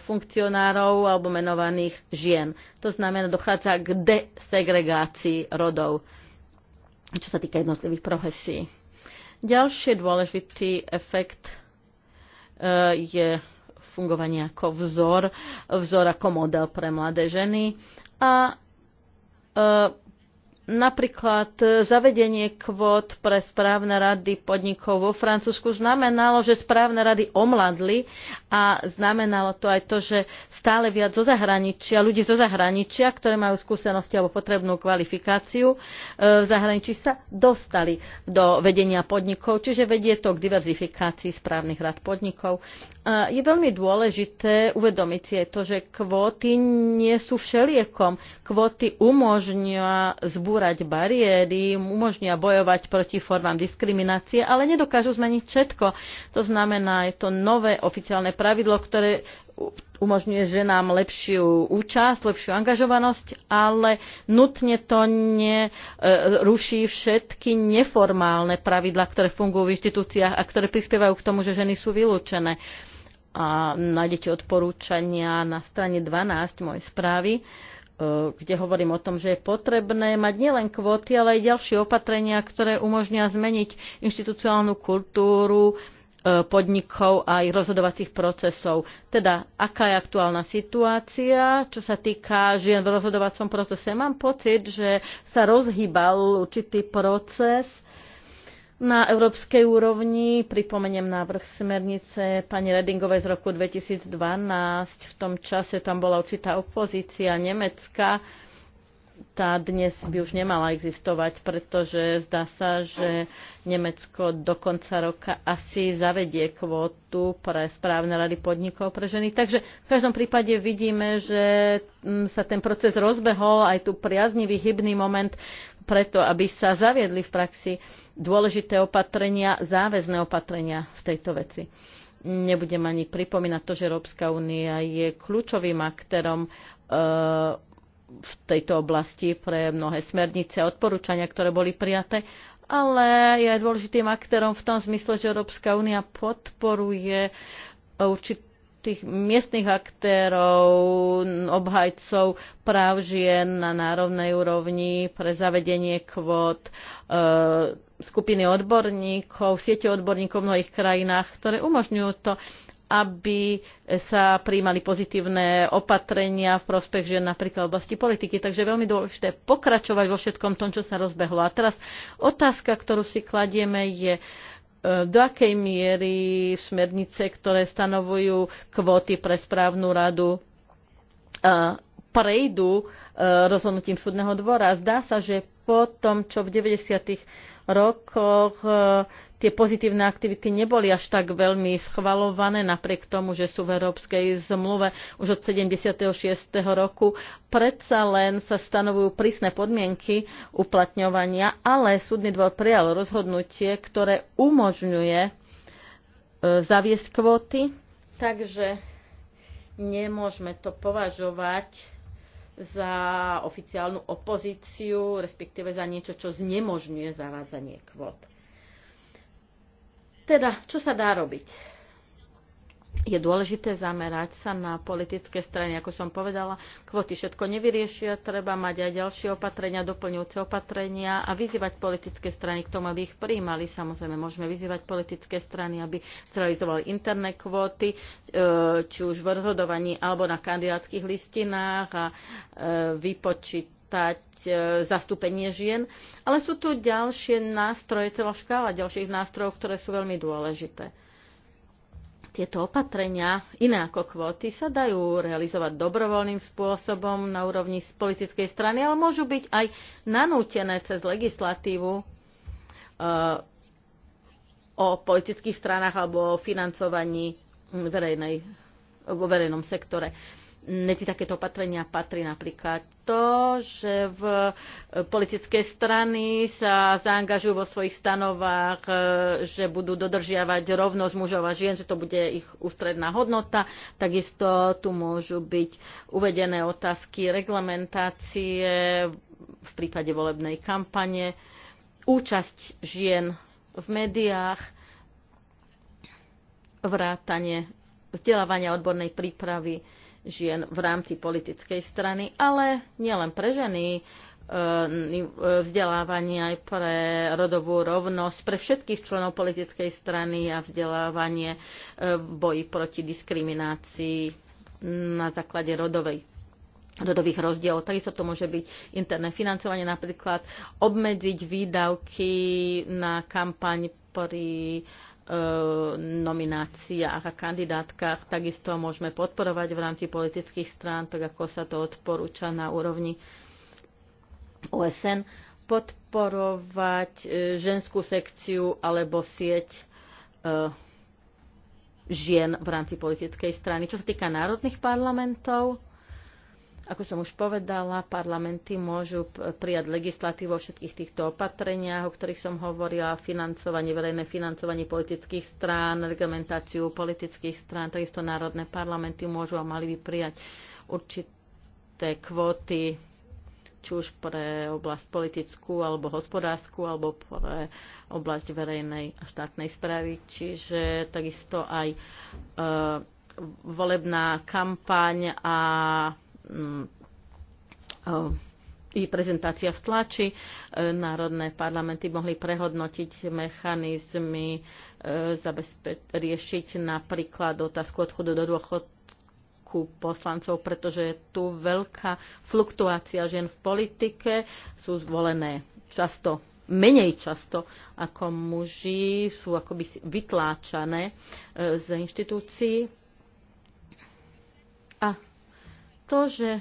funkcionárov alebo menovaných žien. To znamená, dochádza k desegregácii rodov, čo sa týka jednotlivých profesí. Ďalší dôležitý efekt e, je fungovanie ako vzor, vzor ako model pre mladé ženy a e, Napríklad e, zavedenie kvót pre správne rady podnikov vo Francúzsku znamenalo, že správne rady omladli a znamenalo to aj to, že stále viac zo zahraničia, ľudí zo zahraničia, ktoré majú skúsenosti alebo potrebnú kvalifikáciu e, v zahraničí sa dostali do vedenia podnikov, čiže vedie to k diverzifikácii správnych rad podnikov. E, je veľmi dôležité uvedomiť si aj to, že kvóty nie sú všeliekom. Kvóty umožňujú zbúrať búrať bariéry, umožnia bojovať proti formám diskriminácie, ale nedokážu zmeniť všetko. To znamená, je to nové oficiálne pravidlo, ktoré umožňuje ženám lepšiu účasť, lepšiu angažovanosť, ale nutne to neruší e, všetky neformálne pravidlá, ktoré fungujú v inštitúciách a ktoré prispievajú k tomu, že ženy sú vylúčené. A nájdete odporúčania na strane 12 mojej správy. E, kde hovorím o tom, že je potrebné mať nielen kvóty, ale aj ďalšie opatrenia, ktoré umožnia zmeniť inštitucionálnu kultúru e, podnikov a ich rozhodovacích procesov. Teda, aká je aktuálna situácia, čo sa týka žien v rozhodovacom procese? Mám pocit, že sa rozhýbal určitý proces na európskej úrovni. Pripomeniem návrh smernice pani Redingovej z roku 2012. V tom čase tam bola určitá opozícia Nemecka. Tá dnes by už nemala existovať, pretože zdá sa, že Nemecko do konca roka asi zavedie kvótu pre správne rady podnikov pre ženy. Takže v každom prípade vidíme, že mm, sa ten proces rozbehol, aj tu priaznivý hybný moment preto, aby sa zaviedli v praxi dôležité opatrenia, záväzné opatrenia v tejto veci. Nebudem ani pripomínať to, že Európska únia je kľúčovým aktérom e, v tejto oblasti pre mnohé smernice a odporúčania, ktoré boli prijaté, ale je aj dôležitým aktérom v tom zmysle, že Európska únia podporuje určitú tých miestnych aktérov, obhajcov práv žien na národnej úrovni pre zavedenie kvót, e, skupiny odborníkov, siete odborníkov v mnohých krajinách, ktoré umožňujú to, aby sa príjmali pozitívne opatrenia v prospech žien napríklad v oblasti politiky. Takže je veľmi dôležité pokračovať vo všetkom tom, čo sa rozbehlo. A teraz otázka, ktorú si kladieme, je, E, do akej miery smernice, ktoré stanovujú kvóty pre správnu radu, e, prejdú e, rozhodnutím súdneho dvora. Zdá sa, že po tom, čo v 90 rokoch e, tie pozitívne aktivity neboli až tak veľmi schvalované, napriek tomu, že sú v Európskej zmluve už od 76. roku. Predsa len sa stanovujú prísne podmienky uplatňovania, ale súdny dvor prijal rozhodnutie, ktoré umožňuje e, zaviesť kvóty, takže nemôžeme to považovať za oficiálnu opozíciu, respektíve za niečo, čo znemožňuje zavádzanie kvót. Teda, čo sa dá robiť? je dôležité zamerať sa na politické strany. Ako som povedala, kvoty všetko nevyriešia, treba mať aj ďalšie opatrenia, doplňujúce opatrenia a vyzývať politické strany k tomu, aby ich prijímali. Samozrejme, môžeme vyzývať politické strany, aby zrealizovali interné kvóty, e, či už v rozhodovaní alebo na kandidátskych listinách a e, vypočiť e, zastúpenie žien, ale sú tu ďalšie nástroje, celá škála ďalších nástrojov, ktoré sú veľmi dôležité. Tieto opatrenia, iné ako kvóty, sa dajú realizovať dobrovoľným spôsobom na úrovni z politickej strany, ale môžu byť aj nanútené cez legislatívu e, o politických stranách alebo o financovaní verejnej, vo verejnom sektore medzi takéto opatrenia patrí napríklad to, že v e, politické strany sa zaangažujú vo svojich stanovách, e, že budú dodržiavať rovnosť mužov a žien, že to bude ich ústredná hodnota. Takisto tu môžu byť uvedené otázky reglementácie v prípade volebnej kampane, účasť žien v médiách, vrátanie vzdelávania odbornej prípravy žien v rámci politickej strany, ale nielen pre ženy, e, e, vzdelávanie aj pre rodovú rovnosť, pre všetkých členov politickej strany a vzdelávanie e, v boji proti diskriminácii na základe rodovej rodových rozdielov. Takisto to môže byť interné financovanie, napríklad obmedziť výdavky na kampaň pri uh, nomináciách a kandidátkach. Takisto môžeme podporovať v rámci politických strán, tak ako sa to odporúča na úrovni OSN, podporovať e, ženskú sekciu alebo sieť e, žien v rámci politickej strany. Čo sa týka národných parlamentov, ako som už povedala, parlamenty môžu prijať legislatívu o všetkých týchto opatreniach, o ktorých som hovorila, financovanie, verejné financovanie politických strán, reglamentáciu politických strán, takisto národné parlamenty môžu a mali by prijať určité kvóty či už pre oblasť politickú alebo hospodárskú alebo pre oblasť verejnej a štátnej správy. Čiže takisto aj e, volebná kampaň a Mm, oh, i prezentácia v tlači. E, národné parlamenty mohli prehodnotiť mechanizmy, e, riešiť napríklad otázku odchodu do dôchodku poslancov, pretože je tu veľká fluktuácia žien v politike. Sú zvolené často menej často ako muži, sú akoby vytláčané e, z inštitúcií. A to, že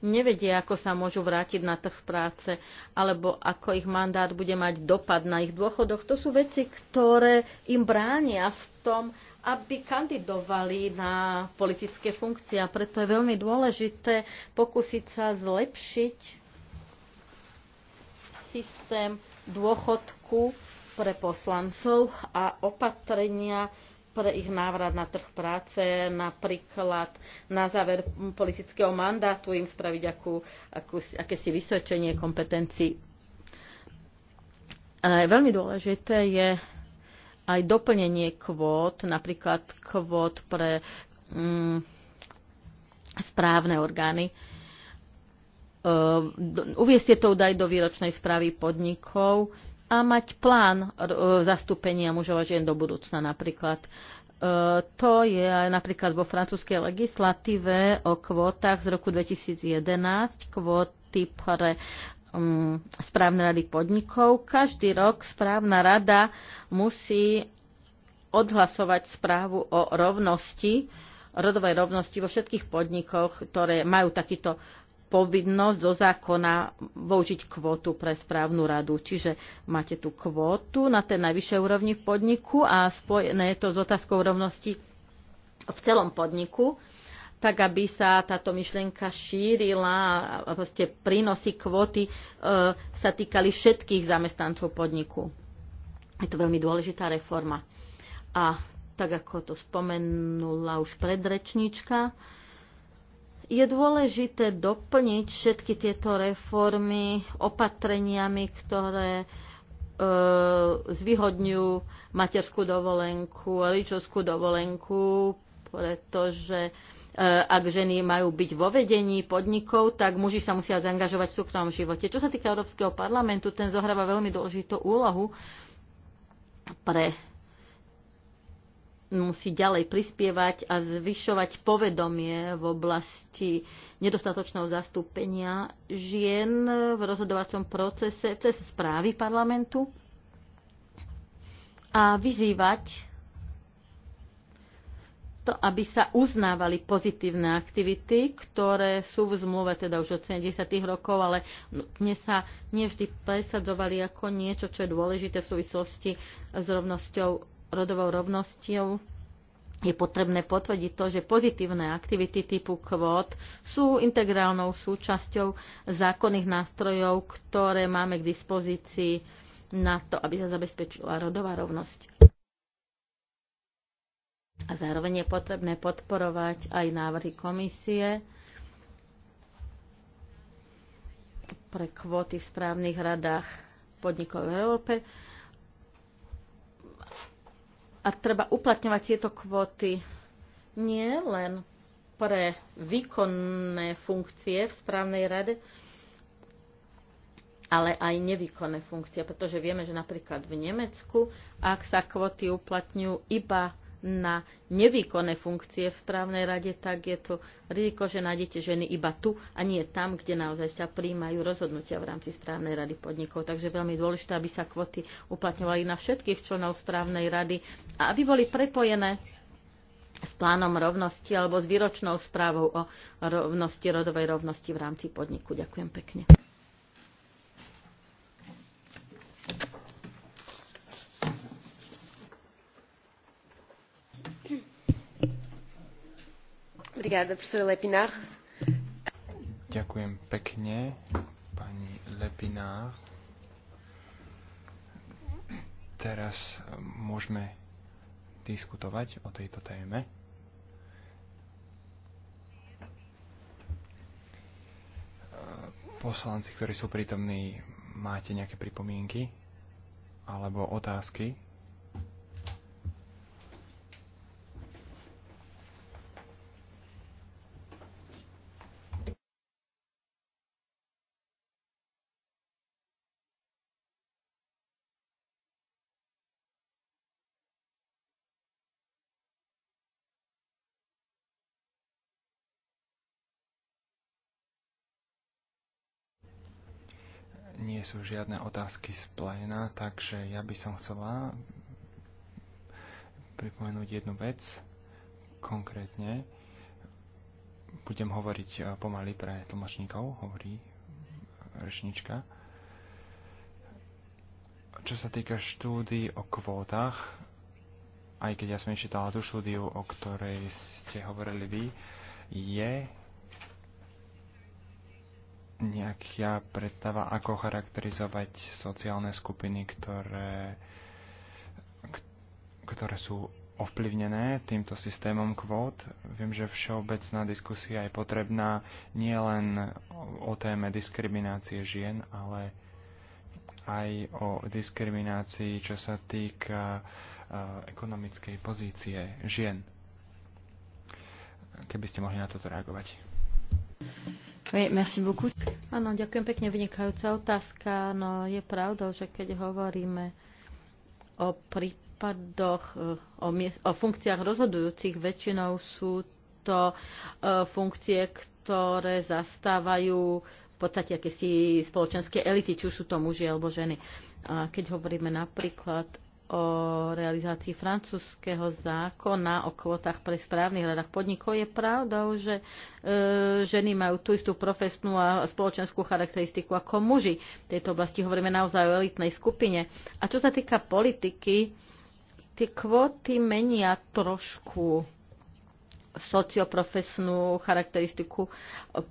nevedia, ako sa môžu vrátiť na trh práce, alebo ako ich mandát bude mať dopad na ich dôchodoch. To sú veci, ktoré im bránia v tom, aby kandidovali na politické funkcie. A preto je veľmi dôležité pokúsiť sa zlepšiť systém dôchodku pre poslancov a opatrenia pre ich návrat na trh práce, napríklad na záver politického mandátu im spraviť akú, akú, akési vysvedčenie kompetencií. Veľmi dôležité je aj doplnenie kvót, napríklad kvót pre mm, správne orgány. E, uviezte to údaj do výročnej správy podnikov a mať plán e, zastúpenia mužov a žien do budúcna napríklad. E, to je aj napríklad vo francúzskej legislatíve o kvótach z roku 2011, kvóty pre um, správne rady podnikov. Každý rok správna rada musí odhlasovať správu o rovnosti, rodovej rovnosti vo všetkých podnikoch, ktoré majú takýto povinnosť zo zákona použiť kvótu pre správnu radu. Čiže máte tú kvótu na tej najvyššej úrovni v podniku a spojené je to s otázkou rovnosti v celom podniku tak aby sa táto myšlienka šírila a vlastne prínosy kvóty e, sa týkali všetkých zamestnancov podniku. Je to veľmi dôležitá reforma. A tak ako to spomenula už predrečníčka, e, je dôležité doplniť všetky tieto reformy opatreniami, ktoré e, zvyhodňujú materskú dovolenku, rodičovskú dovolenku, pretože e, ak ženy majú byť vo vedení podnikov, tak muži sa musia zaangažovať v súkromnom živote. Čo sa týka Európskeho parlamentu, ten zohráva veľmi dôležitú úlohu pre musí ďalej prispievať a zvyšovať povedomie v oblasti nedostatočného zastúpenia žien v rozhodovacom procese cez správy parlamentu a vyzývať to, aby sa uznávali pozitívne aktivity, ktoré sú v zmluve teda už od 70. rokov, ale dnes sa nevždy presadzovali ako niečo, čo je dôležité v súvislosti s rovnosťou rodovou rovnosťou je potrebné potvrdiť to, že pozitívne aktivity typu kvót sú integrálnou súčasťou zákonných nástrojov, ktoré máme k dispozícii na to, aby sa zabezpečila rodová rovnosť. A zároveň je potrebné podporovať aj návrhy komisie pre kvóty v správnych radách podnikov v Európe, a treba uplatňovať tieto kvóty nie len pre výkonné funkcie v správnej rade, ale aj nevýkonné funkcie, pretože vieme, že napríklad v Nemecku, ak sa kvoty uplatňujú iba na nevýkonné funkcie v správnej rade, tak je to riziko, že nájdete ženy iba tu a nie tam, kde naozaj sa príjmajú rozhodnutia v rámci správnej rady podnikov. Takže veľmi dôležité, aby sa kvoty uplatňovali na všetkých členov správnej rady a aby boli prepojené s plánom rovnosti alebo s výročnou správou o rovnosti, rodovej rovnosti v rámci podniku. Ďakujem pekne. Ďakujem pekne, pani Lepinár. Teraz môžeme diskutovať o tejto téme. Poslanci, ktorí sú prítomní, máte nejaké pripomienky alebo otázky? sú žiadne otázky z pléna, takže ja by som chcela pripomenúť jednu vec konkrétne. Budem hovoriť eh, pomaly pre tlmočníkov, hovorí rečnička. Čo sa týka štúdy o kvótach, aj keď ja som nečítala tú štúdiu, o ktorej ste hovorili vy, je nejaká predstava, ako charakterizovať sociálne skupiny, ktoré, ktoré sú ovplyvnené týmto systémom kvót. Viem, že všeobecná diskusia je potrebná nielen o téme diskriminácie žien, ale aj o diskriminácii, čo sa týka e, ekonomickej pozície žien. Keby ste mohli na toto reagovať. Oui, merci beaucoup. Áno, ďakujem pekne, vynikajúca otázka. No, je pravdou, že keď hovoríme o prípadoch, eh, o, miest, o funkciách rozhodujúcich, väčšinou sú to eh, funkcie, ktoré zastávajú v podstate akési spoločenské elity, či už sú to muži alebo ženy. A keď hovoríme napríklad o realizácii francúzského zákona o kvotách pre správnych radách podnikov. Je pravdou, že e, ženy majú tú istú profesnú a spoločenskú charakteristiku ako muži. V tejto oblasti hovoríme naozaj o elitnej skupine. A čo sa týka politiky, tie kvóty menia trošku socioprofesnú charakteristiku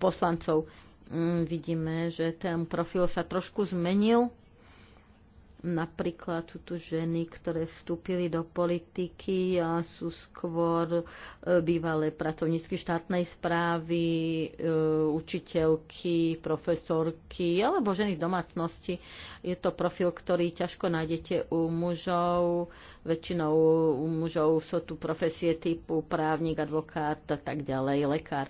poslancov. Mm, vidíme, že ten profil sa trošku zmenil Napríklad sú tu ženy, ktoré vstúpili do politiky a sú skôr e, bývalé pracovnícky štátnej správy, e, učiteľky, profesorky alebo ženy z domácnosti. Je to profil, ktorý ťažko nájdete u mužov. Väčšinou u mužov sú tu profesie typu právnik, advokát a tak ďalej, lekár.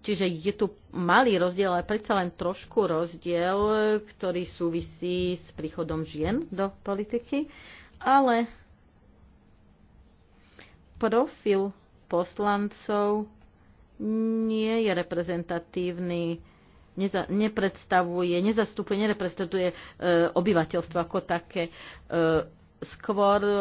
Čiže je tu malý rozdiel, ale predsa len trošku rozdiel, ktorý súvisí s príchodom žien do politiky, ale profil poslancov nie je reprezentatívny, neza, nepredstavuje, nezastupuje, nereprezentuje e, obyvateľstvo ako také. E, skôr e,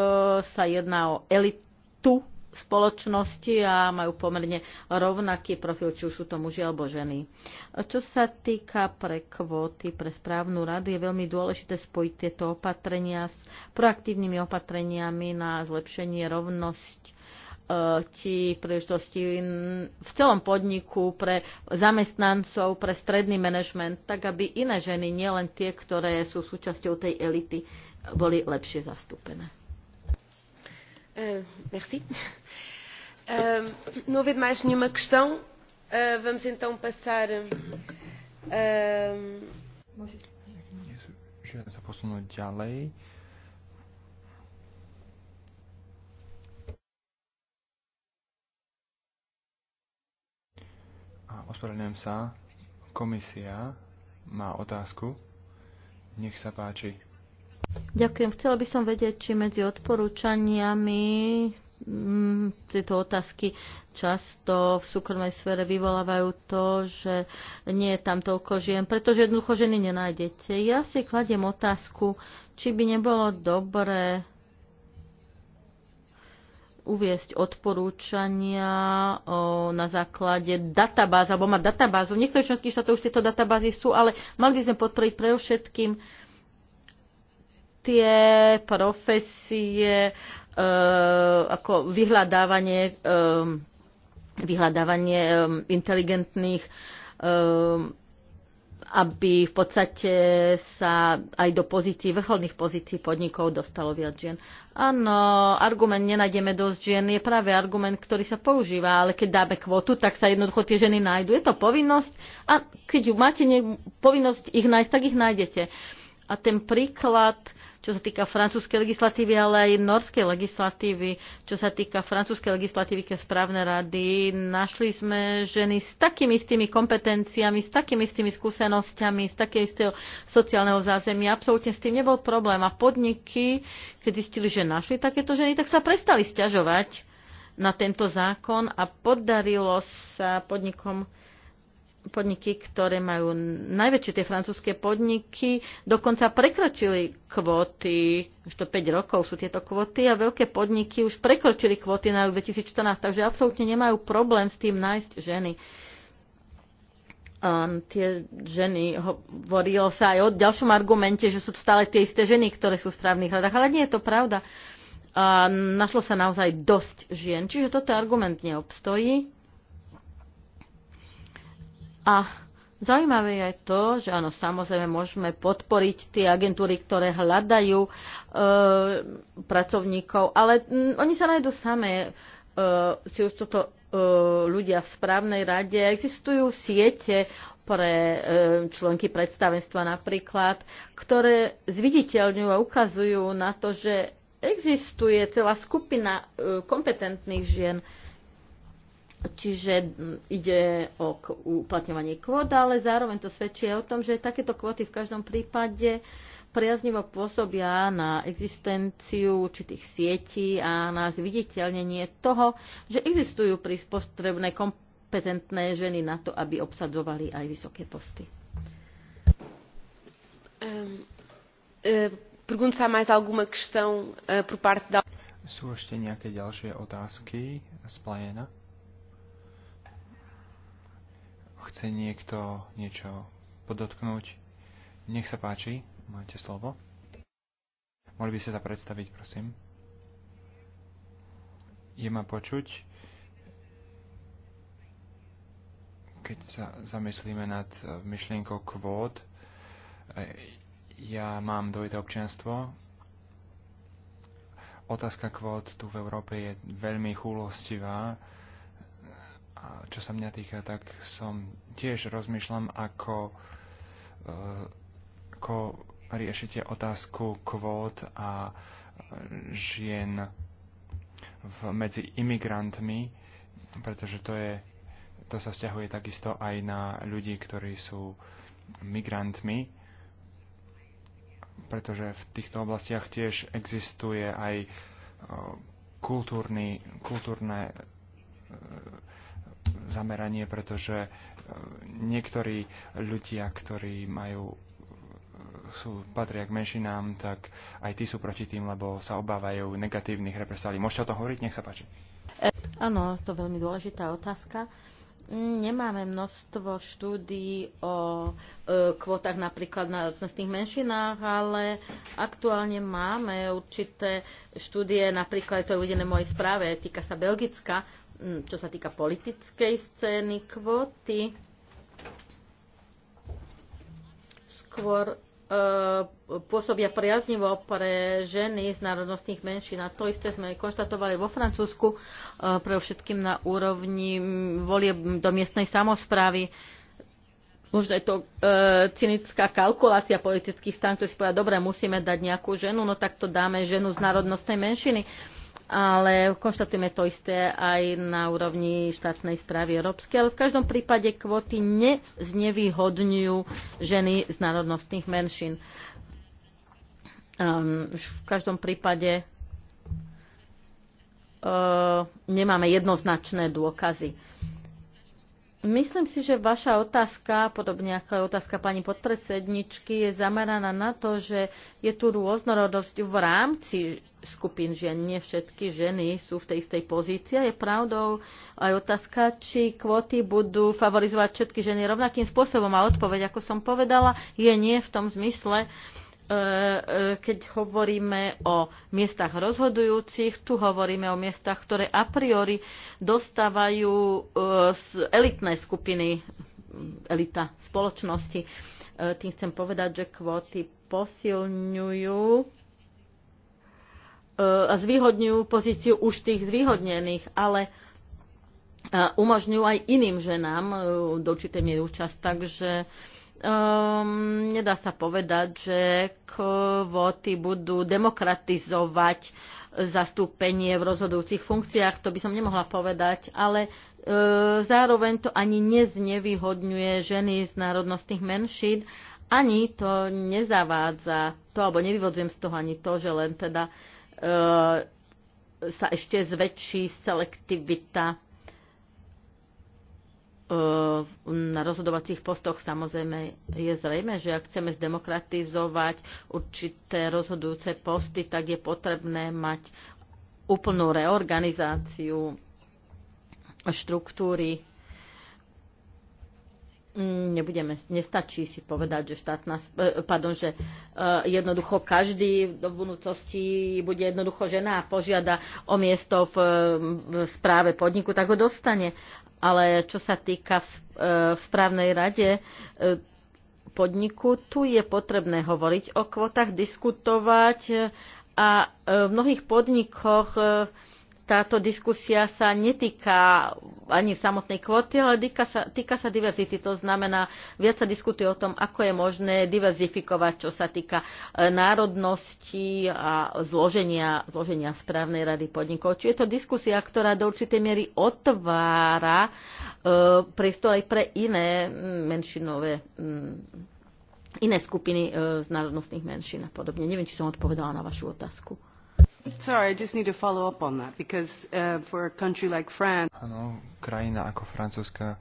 sa jedná o elitu spoločnosti a majú pomerne rovnaký profil, či už sú to muži alebo ženy. Čo sa týka pre kvóty, pre správnu radu, je veľmi dôležité spojiť tieto opatrenia s proaktívnymi opatreniami na zlepšenie rovnosť e, či príležitosti v celom podniku pre zamestnancov, pre stredný manažment, tak aby iné ženy, nielen tie, ktoré sú súčasťou tej elity, boli lepšie zastúpené. Eh, eh, não havendo mais nenhuma questão, eh, vamos então passar. A ospravedlňujem sa. Komisia má otázku. Nech sa páči. Ďakujem. Chcela by som vedieť, či medzi odporúčaniami mm, tieto otázky často v súkromnej sfére vyvolávajú to, že nie je tam toľko žien, pretože jednoducho ženy nenájdete. Ja si kladiem otázku, či by nebolo dobré uviesť odporúčania o, na základe databáz, alebo mať databázu. V niektorých členských štátoch už tieto databázy sú, ale mali by sme podporiť pre všetkým tie profesie, e, ako vyhľadávanie, e, vyhľadávanie e, inteligentných, e, aby v podstate sa aj do pozícií, vrcholných pozícií podnikov dostalo viac žien. Áno, argument nenájdeme dosť žien je práve argument, ktorý sa používa, ale keď dáme kvotu, tak sa jednoducho tie ženy nájdú. Je to povinnosť a keď máte povinnosť ich nájsť, tak ich nájdete. A ten príklad čo sa týka francúzskej legislatívy, ale aj norskej legislatívy. Čo sa týka francúzskej legislatívy ke správne rady, našli sme ženy s takými istými kompetenciami, s takými istými skúsenosťami, s takého istého sociálneho zázemia. Absolútne s tým nebol problém. A podniky, keď zistili, že našli takéto ženy, tak sa prestali stiažovať na tento zákon a podarilo sa podnikom podniky, ktoré majú najväčšie tie francúzske podniky, dokonca prekročili kvóty, už to 5 rokov sú tieto kvóty a veľké podniky už prekročili kvóty na rok 2014, takže absolútne nemajú problém s tým nájsť ženy. Um, tie ženy, hovorilo sa aj o ďalšom argumente, že sú to stále tie isté ženy, ktoré sú v strávnych radách, ale nie je to pravda. Um, našlo sa naozaj dosť žien, čiže toto argument neobstojí a Zaujímavé je to, že áno, samozrejme môžeme podporiť tie agentúry, ktoré hľadajú e, pracovníkov, ale m, mm, oni sa nájdú samé, e, či už toto e, ľudia v správnej rade. Existujú siete pre e, členky predstavenstva napríklad, ktoré zviditeľňujú a ukazujú na to, že existuje celá skupina e, kompetentných žien, e, Čiže mm, ide o uplatňovanie kvót, ale zároveň to svedčí o tom, že takéto kvóty v každom prípade priaznivo pôsobia na existenciu určitých sietí a na zviditeľnenie toho, že existujú prispostrebné kompetentné ženy na to, aby obsadzovali aj vysoké posty. Um, uh, questão uh, por parte da... Sú ešte nejaké ďalšie otázky z pléna? Chce niekto niečo podotknúť? Nech sa páči, máte slovo. Mohli by ste sa predstaviť, prosím. Je ma počuť? Keď sa zamyslíme nad myšlienkou kvót, ja mám dvojité občianstvo. Otázka kvót tu v Európe je veľmi chúlostivá čo sa mňa týka, tak som tiež rozmýšľam, ako, e, ako riešite otázku kvót a žien v, medzi imigrantmi, pretože to, je, to sa vzťahuje takisto aj na ľudí, ktorí sú migrantmi, pretože v týchto oblastiach tiež existuje aj e, kultúrny, kultúrne e, zameranie, pretože e, niektorí ľudia, ktorí majú e, sú, patria k menšinám, tak aj tí sú proti tým, lebo sa obávajú negatívnych represálí. Môžete o tom hovoriť? Nech sa páči. Áno, to je veľmi dôležitá otázka. Nemáme množstvo štúdí o e, kvotách napríklad na etnostných menšinách, ale aktuálne máme určité štúdie, napríklad to je uvedené v mojej správe, týka sa Belgicka, Mm, čo sa týka politickej scény, kvóty skôr e, pôsobia priaznivo pre ženy z národnostných menšín. A to isté sme konštatovali vo Francúzsku, e, pre všetkým na úrovni volie do miestnej samozprávy. Možno je to e, cynická kalkulácia politických stán, ktorí si povedia, dobre, musíme dať nejakú ženu, no tak to dáme ženu z národnostnej menšiny. E, ale konštatujeme to isté aj na úrovni štátnej správy európskej, ale v každom prípade kvóty neznevýhodňujú ženy z národnostných menšín. Ehm, v každom prípade ehm, nemáme jednoznačné dôkazy Myslím si, že vaša otázka, podobne ako je otázka pani podpredsedničky, je zameraná na to, že je tu rôznorodosť v rámci skupín žien. Nie všetky ženy sú v tej istej pozícii. Je pravdou aj otázka, či kvóty budú favorizovať všetky ženy rovnakým spôsobom. A odpoveď, ako som povedala, je nie v tom zmysle, uh, E, e, keď hovoríme o miestach rozhodujúcich, tu hovoríme o miestach, ktoré a priori dostávajú z e, elitné skupiny, elita spoločnosti. Tým chcem povedať, že kvóty posilňujú a zvýhodňujú pozíciu už tých zvýhodnených, ale umožňujú aj iným ženám do určitej miery účasť. Takže um, nedá sa povedať, že kvóty budú demokratizovať zastúpenie v rozhodujúcich funkciách, to by som nemohla povedať, ale e, zároveň to ani neznevýhodňuje ženy z národnostných menšín, ani to nezavádza to, alebo nevyvodzujem z toho ani to, že len teda e, sa ešte zväčší selektivita E, na rozhodovacích postoch samozrejme je zrejme, že ak chceme zdemokratizovať určité rozhodujúce posty, tak je potrebné mať úplnú reorganizáciu štruktúry. Nebudeme, nestačí si povedať, že štátna, e, pardon, že e, jednoducho každý do budúcnosti bude jednoducho žena a požiada o miesto v správe podniku, tak ho dostane. Ale čo sa týka v e, správnej rade e, podniku, tu je potrebné hovoriť o kvotách, diskutovať a e, v mnohých podnikoch táto diskusia sa netýka ani samotnej kvóty, ale týka sa, týka sa diverzity. To znamená, viac sa diskutuje o tom, ako je možné diverzifikovať, čo sa týka e, národnosti a zloženia, zloženia správnej rady podnikov. Čiže je to diskusia, ktorá do určitej miery otvára e, priestor aj pre iné mm, menšinové m, mm, iné skupiny e, z národnostných menšín a podobne. Neviem, či som odpovedala na vašu otázku. Sorry, I just need to follow up on that because uh, for a country like France. Áno, krajina ako Francúzska,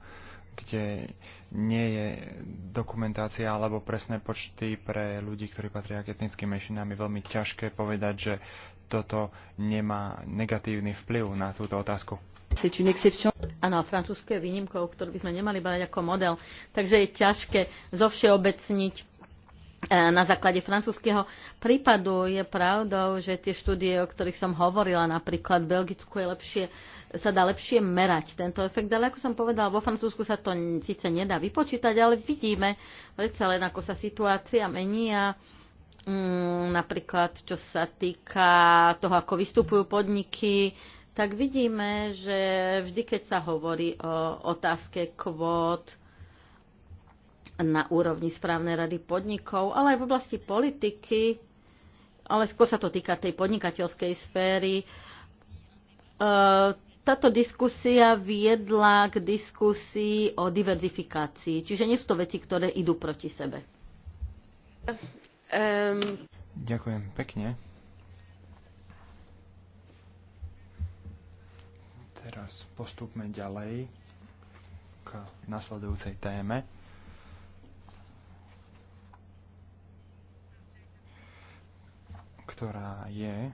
kde nie je dokumentácia alebo presné počty pre ľudí, ktorí patria k etnickým menšinám, je veľmi ťažké povedať, že toto nemá negatívny vplyv na túto otázku. Áno, Francúzsko je výnimkou, ktorú by sme nemali brať ako model, takže je ťažké zovšeobecniť E, na základe francúzského prípadu je pravdou, že tie štúdie, o ktorých som hovorila, napríklad v Belgicku je lepšie, sa dá lepšie merať tento efekt, ale ako som povedala, vo Francúzsku sa to síce nedá vypočítať, ale vidíme predsa len, ako sa situácia mení a mm, napríklad čo sa týka toho, ako vystupujú podniky, tak vidíme, že vždy, keď sa hovorí o otázke kvót, na úrovni správnej rady podnikov, ale aj v oblasti politiky, ale skôr sa to týka tej podnikateľskej sféry. E, táto diskusia viedla k diskusii o diverzifikácii, čiže nie sú to veci, ktoré idú proti sebe. Um... Ďakujem pekne. Teraz postupme ďalej k nasledujúcej téme. ktorá je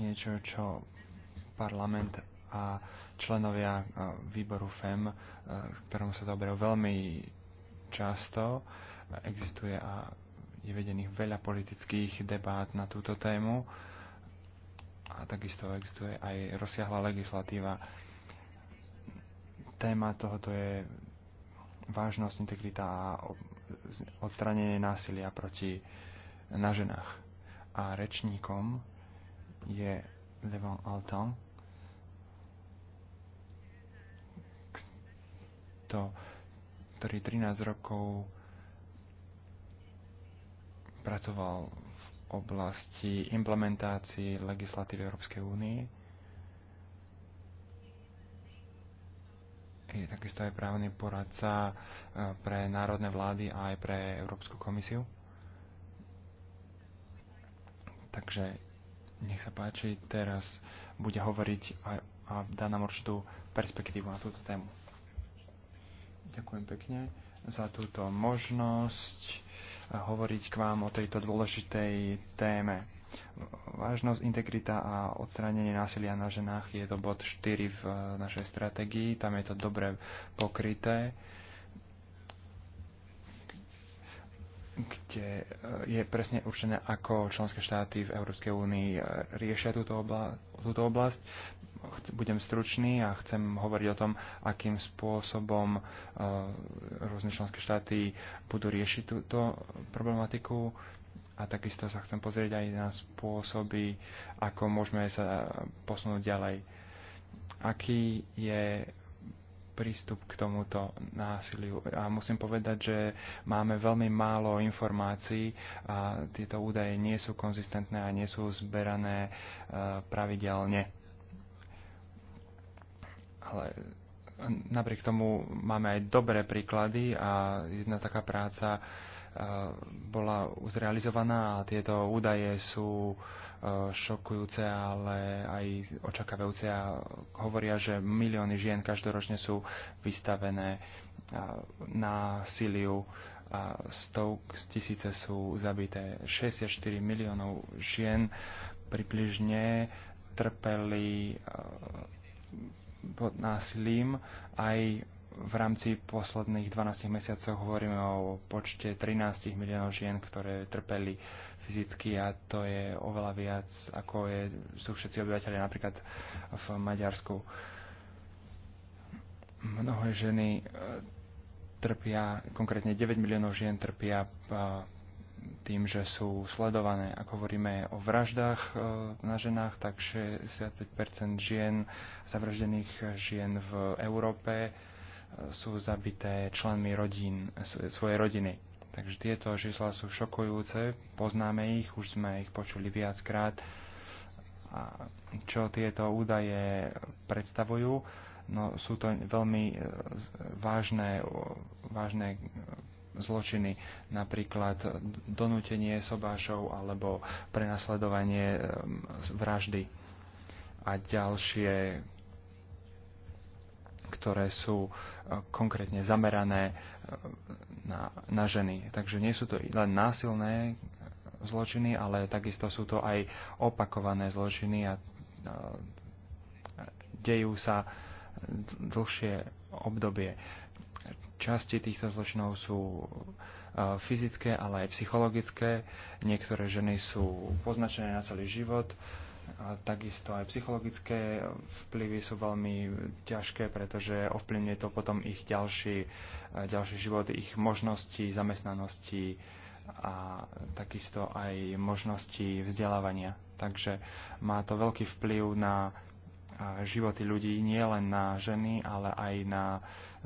niečo, čo parlament a členovia e, výboru FEM, e, ktorému sa zaoberajú veľmi často, existuje a je vedených veľa politických debát na túto tému a takisto existuje aj rozsiahla legislatíva. Téma tohoto je vážnosť, integrita a odstranenie násilia proti na ženách. A rečníkom je Levon Altan, to, ktorý 13 rokov pracoval v oblasti implementácií legislatívy Európskej únie. Je takisto aj právny poradca eh, pre národné vlády a aj pre Európsku komisiu. Takže nech sa páči, teraz bude hovoriť a, a dá nám určitú perspektívu na túto tému. Ďakujem pekne za túto možnosť eh, hovoriť k vám o tejto dôležitej téme. Vážnosť, integrita a odstránenie násilia na ženách je to bod 4 v eh, našej stratégii, tam je to dobre pokryté. kde eh, je presne určené, ako členské štáty v Európskej únii eh, riešia túto, obla- túto oblasť. Budem stručný a chcem hovoriť o tom, akým spôsobom eh, rôzne členské štáty budú riešiť túto problematiku a takisto sa chcem pozrieť aj na spôsoby, ako môžeme sa posunúť ďalej. Aký je prístup k tomuto násiliu. A musím povedať, že máme veľmi málo informácií a tieto údaje nie sú konzistentné a nie sú zberané e, pravidelne. Ale napriek tomu máme aj dobré príklady a jedna taká práca e, bola uzrealizovaná a tieto údaje sú uh, Eh, šokujúce, ale aj očakávajúce a hovoria, že milióny žien každoročne sú vystavené eh, síliu a z tisíce sú zabité. 64 miliónov žien približne trpeli eh, pod násilím aj v rámci posledných 12 mesiacov hovoríme o počte 13 miliónov žien, ktoré trpeli fyzicky a to je oveľa viac, ako je, sú všetci obyvateľia napríklad v Maďarsku. Mnohé ženy e, trpia, konkrétne 9 miliónov žien trpia e, tým, že sú sledované. Ak hovoríme o vraždách e, na ženách, tak 65% žien, zavraždených žien v Európe sú zabité členmi rodín, svojej rodiny. Takže tieto čísla sú šokujúce, poznáme ich, už sme ich počuli viackrát, a čo tieto údaje predstavujú. No, sú to veľmi e, vážne, vážne e, zločiny, napríklad donútenie sobášov alebo prenasledovanie e, vraždy a ďalšie ktoré sú e, konkrétne zamerané e, na, na ženy. Takže nie sú to len násilné e, zločiny, ale takisto sú to aj opakované zločiny a dejú sa dlhšie obdobie. Časti týchto zločinov sú fyzické, ale aj psychologické. Niektoré ženy sú poznačené na celý život a takisto aj psychologické vplyvy sú veľmi ťažké, pretože ovplyvňuje to potom ich ďalší, e, ďalší život, ich možnosti, zamestnanosti a takisto aj možnosti vzdelávania. Takže má to veľký vplyv na e, životy ľudí, nie len na ženy, ale aj na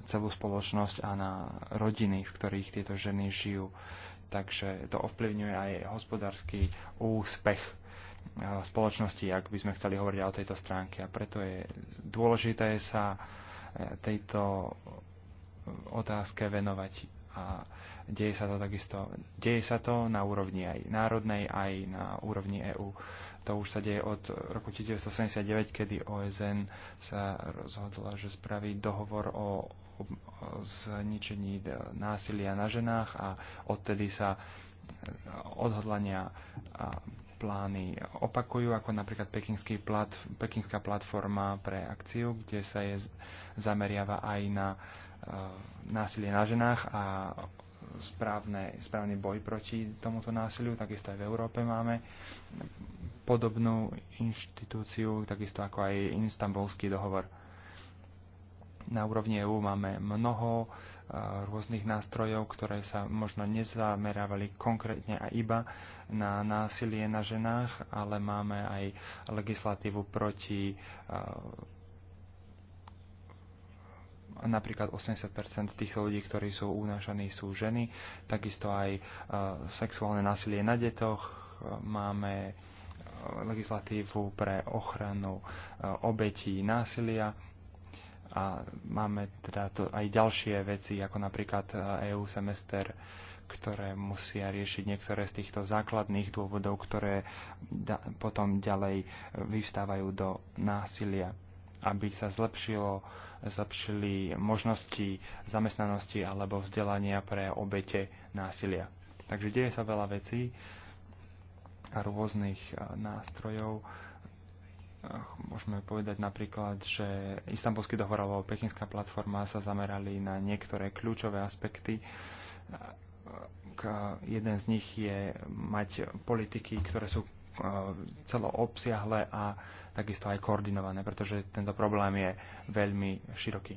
celú spoločnosť a na rodiny, v ktorých tieto ženy žijú. Takže to ovplyvňuje aj hospodársky úspech Eh, spoločnosti, ak by sme chceli hovoriť o tejto stránke. A preto je dôležité sa eh, tejto otázke venovať. A deje sa to takisto. Deje sa to na úrovni aj národnej, aj na úrovni EÚ. To už sa deje od roku 1979, kedy OSN sa rozhodla, že spraví dohovor o, zničení násilia na ženách a odtedy sa eh, odhodlania plány opakujú, ako napríklad plat, pekingská platforma pre akciu, kde sa je zameriava aj na e, násilie na ženách a správne, správny boj proti tomuto násiliu. Takisto aj v Európe máme podobnú inštitúciu, takisto ako aj Istanbulský dohovor. Na úrovni EÚ máme mnoho rôznych nástrojov, ktoré sa možno nezamerávali konkrétne a iba na násilie na ženách, ale máme aj legislatívu proti napríklad 80% tých ľudí, ktorí sú unášaní, sú ženy. Takisto aj sexuálne násilie na detoch. Máme legislatívu pre ochranu obetí násilia a máme teda to aj ďalšie veci, ako napríklad EU e semester, ktoré musia riešiť niektoré z týchto základných dôvodov, ktoré da, potom ďalej e, vyvstávajú do násilia aby sa zlepšilo, zlepšili možnosti zamestnanosti alebo vzdelania pre obete násilia. Takže deje sa veľa vecí a rôznych e, nástrojov Môžeme povedať napríklad, že istambulský dohovor alebo Pekinská platforma sa zamerali na niektoré kľúčové aspekty. Jeden z nich je mať politiky, ktoré sú e, celoobsiahle a takisto aj koordinované, pretože tento problém je veľmi široký.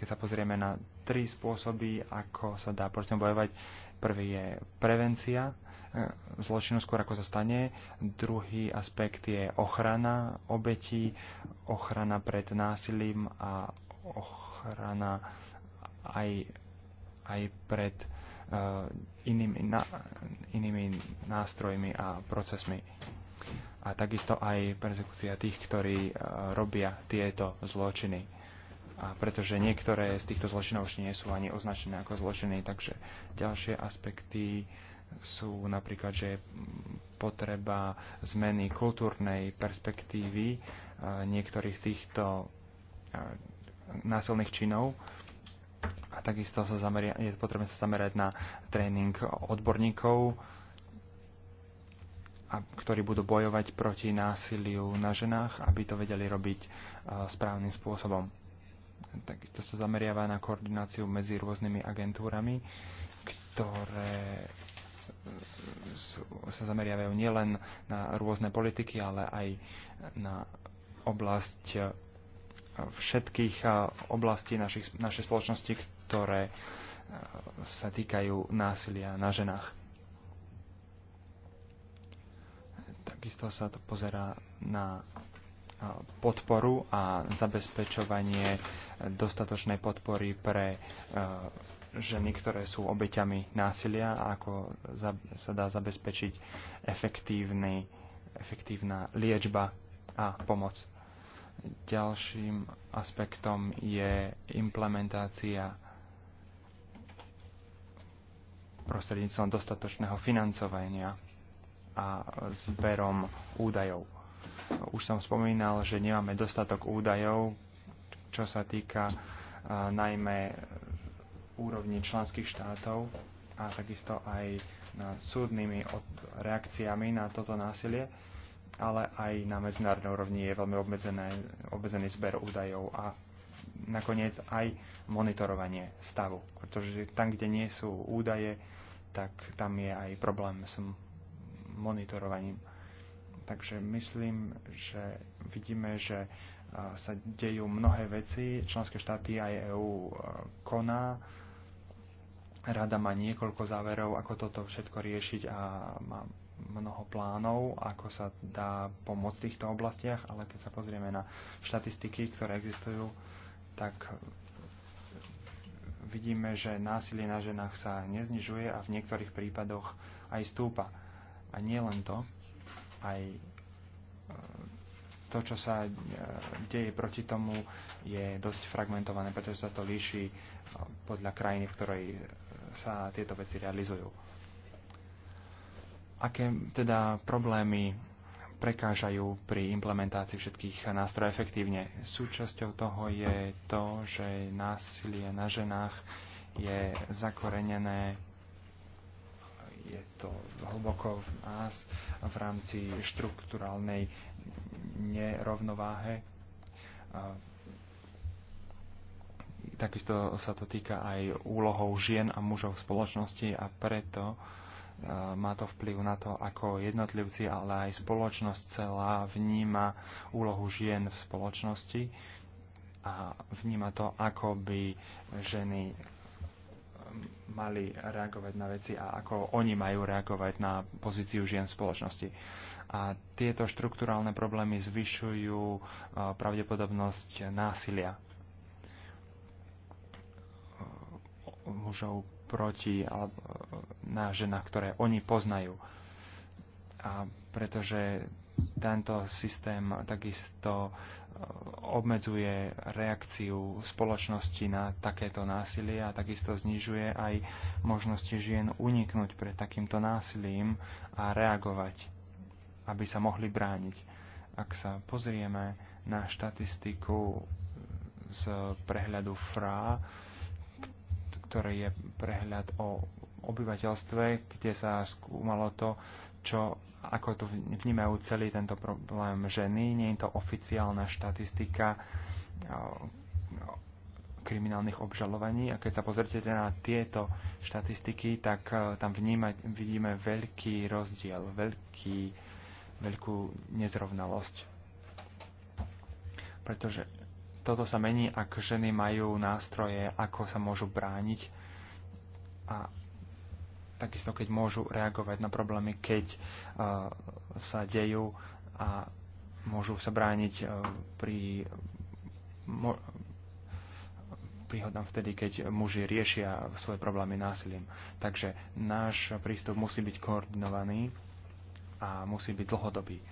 Keď sa pozrieme na tri spôsoby, ako sa dá proti bojovať, Prvý je prevencia e, zločinu skôr ako sa stane. Druhý aspekt je ochrana obetí, ochrana pred násilím a ochrana aj, aj pred uh, inými, na, inými nástrojmi a procesmi. A takisto aj persekúcia tých, ktorí uh, robia tieto zločiny a pretože niektoré z týchto zločinov ešte nie sú ani označené ako zločiny, takže ďalšie aspekty sú napríklad, že potreba zmeny kultúrnej perspektívy e, niektorých z týchto e, násilných činov a takisto sa zameria, je potrebné sa zamerať na tréning odborníkov, a, ktorí budú bojovať proti násiliu na ženách, aby to vedeli robiť e, správnym spôsobom takisto sa zameriava na koordináciu medzi rôznymi agentúrami, ktoré e, sa zameriavajú nielen na rôzne politiky, ale aj na oblasť e, všetkých e, oblastí našich, našej spoločnosti, ktoré sa týkajú násilia na ženách. Takisto sa to pozerá na podporu a zabezpečovanie dostatočnej podpory pre e, ženy, ktoré sú obeťami násilia a ako sa dá zabezpečiť efektívny, efektívna liečba a pomoc. Ďalším aspektom je implementácia prostredníctvom dostatočného financovania a zberom údajov už som spomínal, že nemáme dostatok údajov, čo sa týka e, najmä úrovni členských štátov a takisto aj nad súdnymi reakciami na toto násilie, ale aj na medzinárodnej úrovni je veľmi obmedzené, obmedzený zber údajov a nakoniec aj monitorovanie stavu. Pretože tam, kde nie sú údaje, tak tam je aj problém s monitorovaním. Takže myslím, že vidíme, že sa dejú mnohé veci. Členské štáty aj EÚ koná. Rada má niekoľko záverov, ako toto všetko riešiť a má mnoho plánov, ako sa dá pomôcť v týchto oblastiach, ale keď sa pozrieme na štatistiky, ktoré existujú, tak vidíme, že násilie na ženách sa neznižuje a v niektorých prípadoch aj stúpa. A nie len to, aj e, to, čo sa e, deje proti tomu, je dosť fragmentované, pretože sa to líši e, podľa krajiny, v ktorej sa tieto veci realizujú. Aké teda problémy prekážajú pri implementácii všetkých nástrojov efektívne. Súčasťou toho je to, že násilie na ženách je zakorenené je to hlboko v nás v rámci štruktúralnej nerovnováhe. Takisto sa to týka aj úlohou žien a mužov v spoločnosti a preto e, má to vplyv na to, ako jednotlivci, ale aj spoločnosť celá vníma úlohu žien v spoločnosti a vníma to, ako by ženy mali reagovať na veci a ako oni majú reagovať na pozíciu žien v spoločnosti. A tieto štruktúrálne problémy zvyšujú e, pravdepodobnosť násilia e, mužov proti e, na ženách, ktoré oni poznajú. A pretože tento systém takisto e, obmedzuje reakciu spoločnosti na takéto násilie a takisto znižuje aj možnosti žien uniknúť pred takýmto násilím a reagovať, aby sa mohli brániť. Ak sa pozrieme na štatistiku z prehľadu FRA, ktorý je prehľad o obyvateľstve, kde sa skúmalo to, čo, ako tu vnímajú celý tento problém ženy. Nie je to oficiálna štatistika kriminálnych obžalovaní a keď sa pozrite na tieto štatistiky, tak tam vníma vidíme veľký rozdiel, veľký, veľkú nezrovnalosť. Pretože toto sa mení, ak ženy majú nástroje, ako sa môžu brániť a takisto keď môžu reagovať na problémy, keď uh, sa dejú a môžu sa brániť uh, pri príhodám vtedy, keď muži riešia svoje problémy násilím. Takže náš prístup musí byť koordinovaný a musí byť dlhodobý.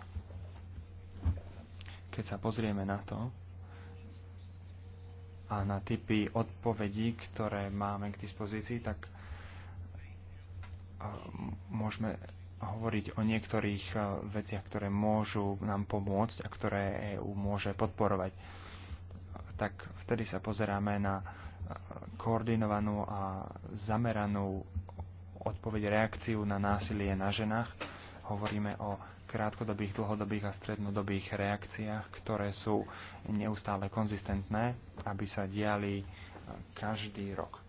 Keď sa pozrieme na to a na typy odpovedí, ktoré máme k dispozícii, tak môžeme hovoriť o niektorých e, veciach, ktoré môžu nám pomôcť a ktoré EU môže podporovať, tak vtedy sa pozeráme na e, koordinovanú a zameranú odpoveď, reakciu na násilie na ženách. Hovoríme o krátkodobých, dlhodobých a strednodobých reakciách, ktoré sú neustále konzistentné, aby sa diali e, každý rok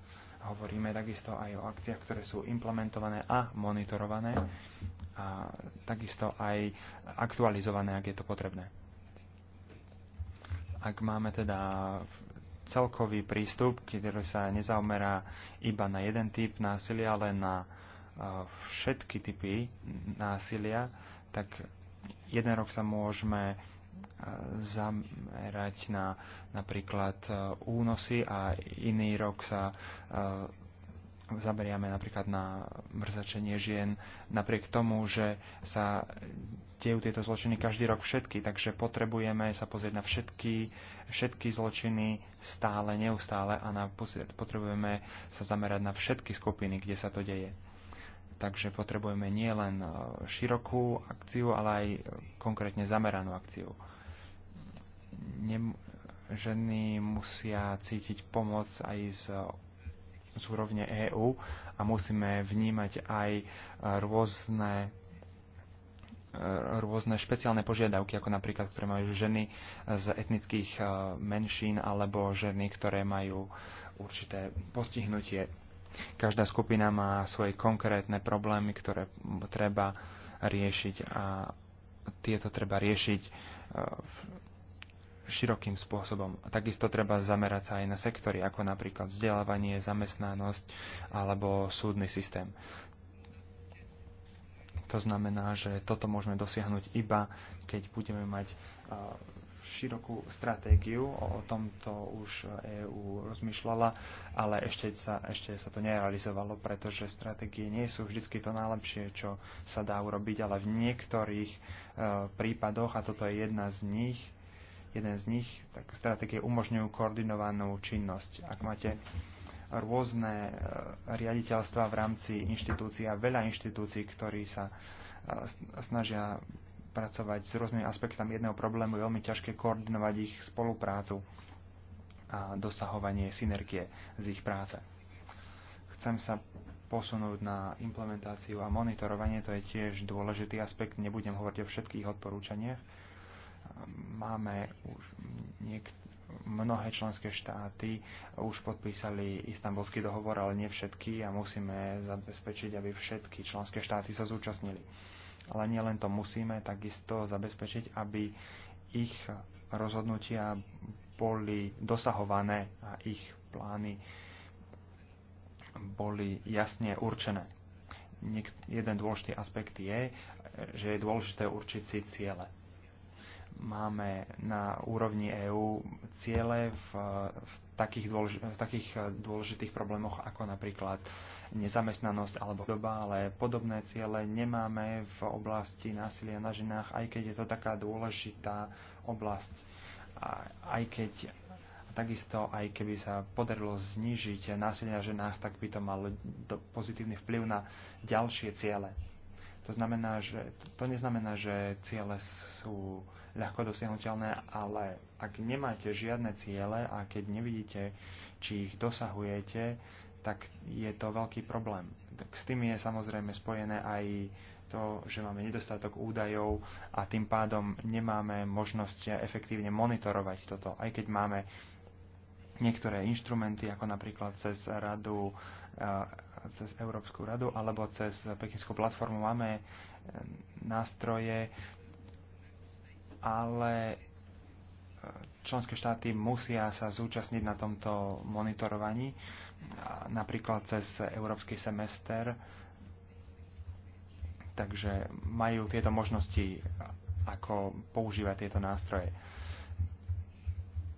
hovoríme takisto aj o akciách, ktoré sú implementované a monitorované a takisto aj aktualizované, ak je to potrebné. Ak máme teda celkový prístup, ktorý sa nezaomerá iba na jeden typ násilia, ale na e, všetky typy násilia, tak jeden rok sa môžeme zamerať na napríklad e, únosy a iný rok sa e, zameriame napríklad na mrzačenie žien, napriek tomu, že sa dejú tieto zločiny každý rok všetky, takže potrebujeme sa pozrieť na všetky, všetky zločiny stále, neustále a na, potrebujeme sa zamerať na všetky skupiny, kde sa to deje. Takže potrebujeme nielen e, širokú akciu, ale aj e, konkrétne zameranú akciu. Nem, ženy musia cítiť pomoc aj z, z úrovne EÚ a musíme vnímať aj e, rôzne rôzne špeciálne požiadavky, ako napríklad, ktoré majú ženy z etnických menšín alebo ženy, ktoré majú určité postihnutie Každá skupina má svoje konkrétne problémy, ktoré treba riešiť a tieto treba riešiť e, širokým spôsobom. Takisto treba zamerať sa aj na sektory, ako napríklad vzdelávanie, zamestnanosť alebo súdny systém. To znamená, že toto môžeme dosiahnuť iba, keď budeme mať e, širokú stratégiu, o tomto už EÚ rozmýšľala, ale ešte sa, ešte sa to nerealizovalo, pretože stratégie nie sú vždy to najlepšie, čo sa dá urobiť, ale v niektorých e, prípadoch, a toto je jedna z nich, jeden z nich, tak stratégie umožňujú koordinovanú činnosť. Ak máte rôzne e, riaditeľstva v rámci inštitúcií a veľa inštitúcií, ktorí sa e, snažia pracovať s rôznymi aspektami jedného problému, je veľmi ťažké koordinovať ich spoluprácu a dosahovanie synergie z ich práce. Chcem sa posunúť na implementáciu a monitorovanie, to je tiež dôležitý aspekt, nebudem hovoriť o všetkých odporúčaniach. Máme už niek- mnohé členské štáty už podpísali istambulský dohovor, ale nie všetky a musíme zabezpečiť, aby všetky členské štáty sa zúčastnili ale nielen to musíme takisto zabezpečiť, aby ich rozhodnutia boli dosahované a ich plány boli jasne určené. Jeden dôležitý aspekt je, že je dôležité určiť si ciele máme na úrovni EÚ ciele v, v, takých dôlež, v takých eh, dôležitých problémoch ako napríklad nezamestnanosť alebo doba, ale podobné ciele nemáme v oblasti násilia na ženách, aj keď je to taká dôležitá oblasť. A, aj keď takisto, aj keby sa podarilo znížiť násilie na ženách, tak by to malo do, pozitívny vplyv na ďalšie ciele. To, znamená, že, to neznamená, že ciele sú ľahko dosiahnuteľné, ale ak nemáte žiadne ciele a keď nevidíte, či ich dosahujete, tak je to veľký problém. Tak s tým je samozrejme spojené aj to, že máme nedostatok údajov a tým pádom nemáme možnosť efektívne monitorovať toto, aj keď máme niektoré inštrumenty, ako napríklad cez radu, eh, cez Európsku radu alebo cez Pekinskú platformu máme eh, nástroje, ale e, členské štáty musia sa zúčastniť na tomto monitorovaní, napríklad cez európsky semester, takže majú tieto možnosti, ako používať tieto nástroje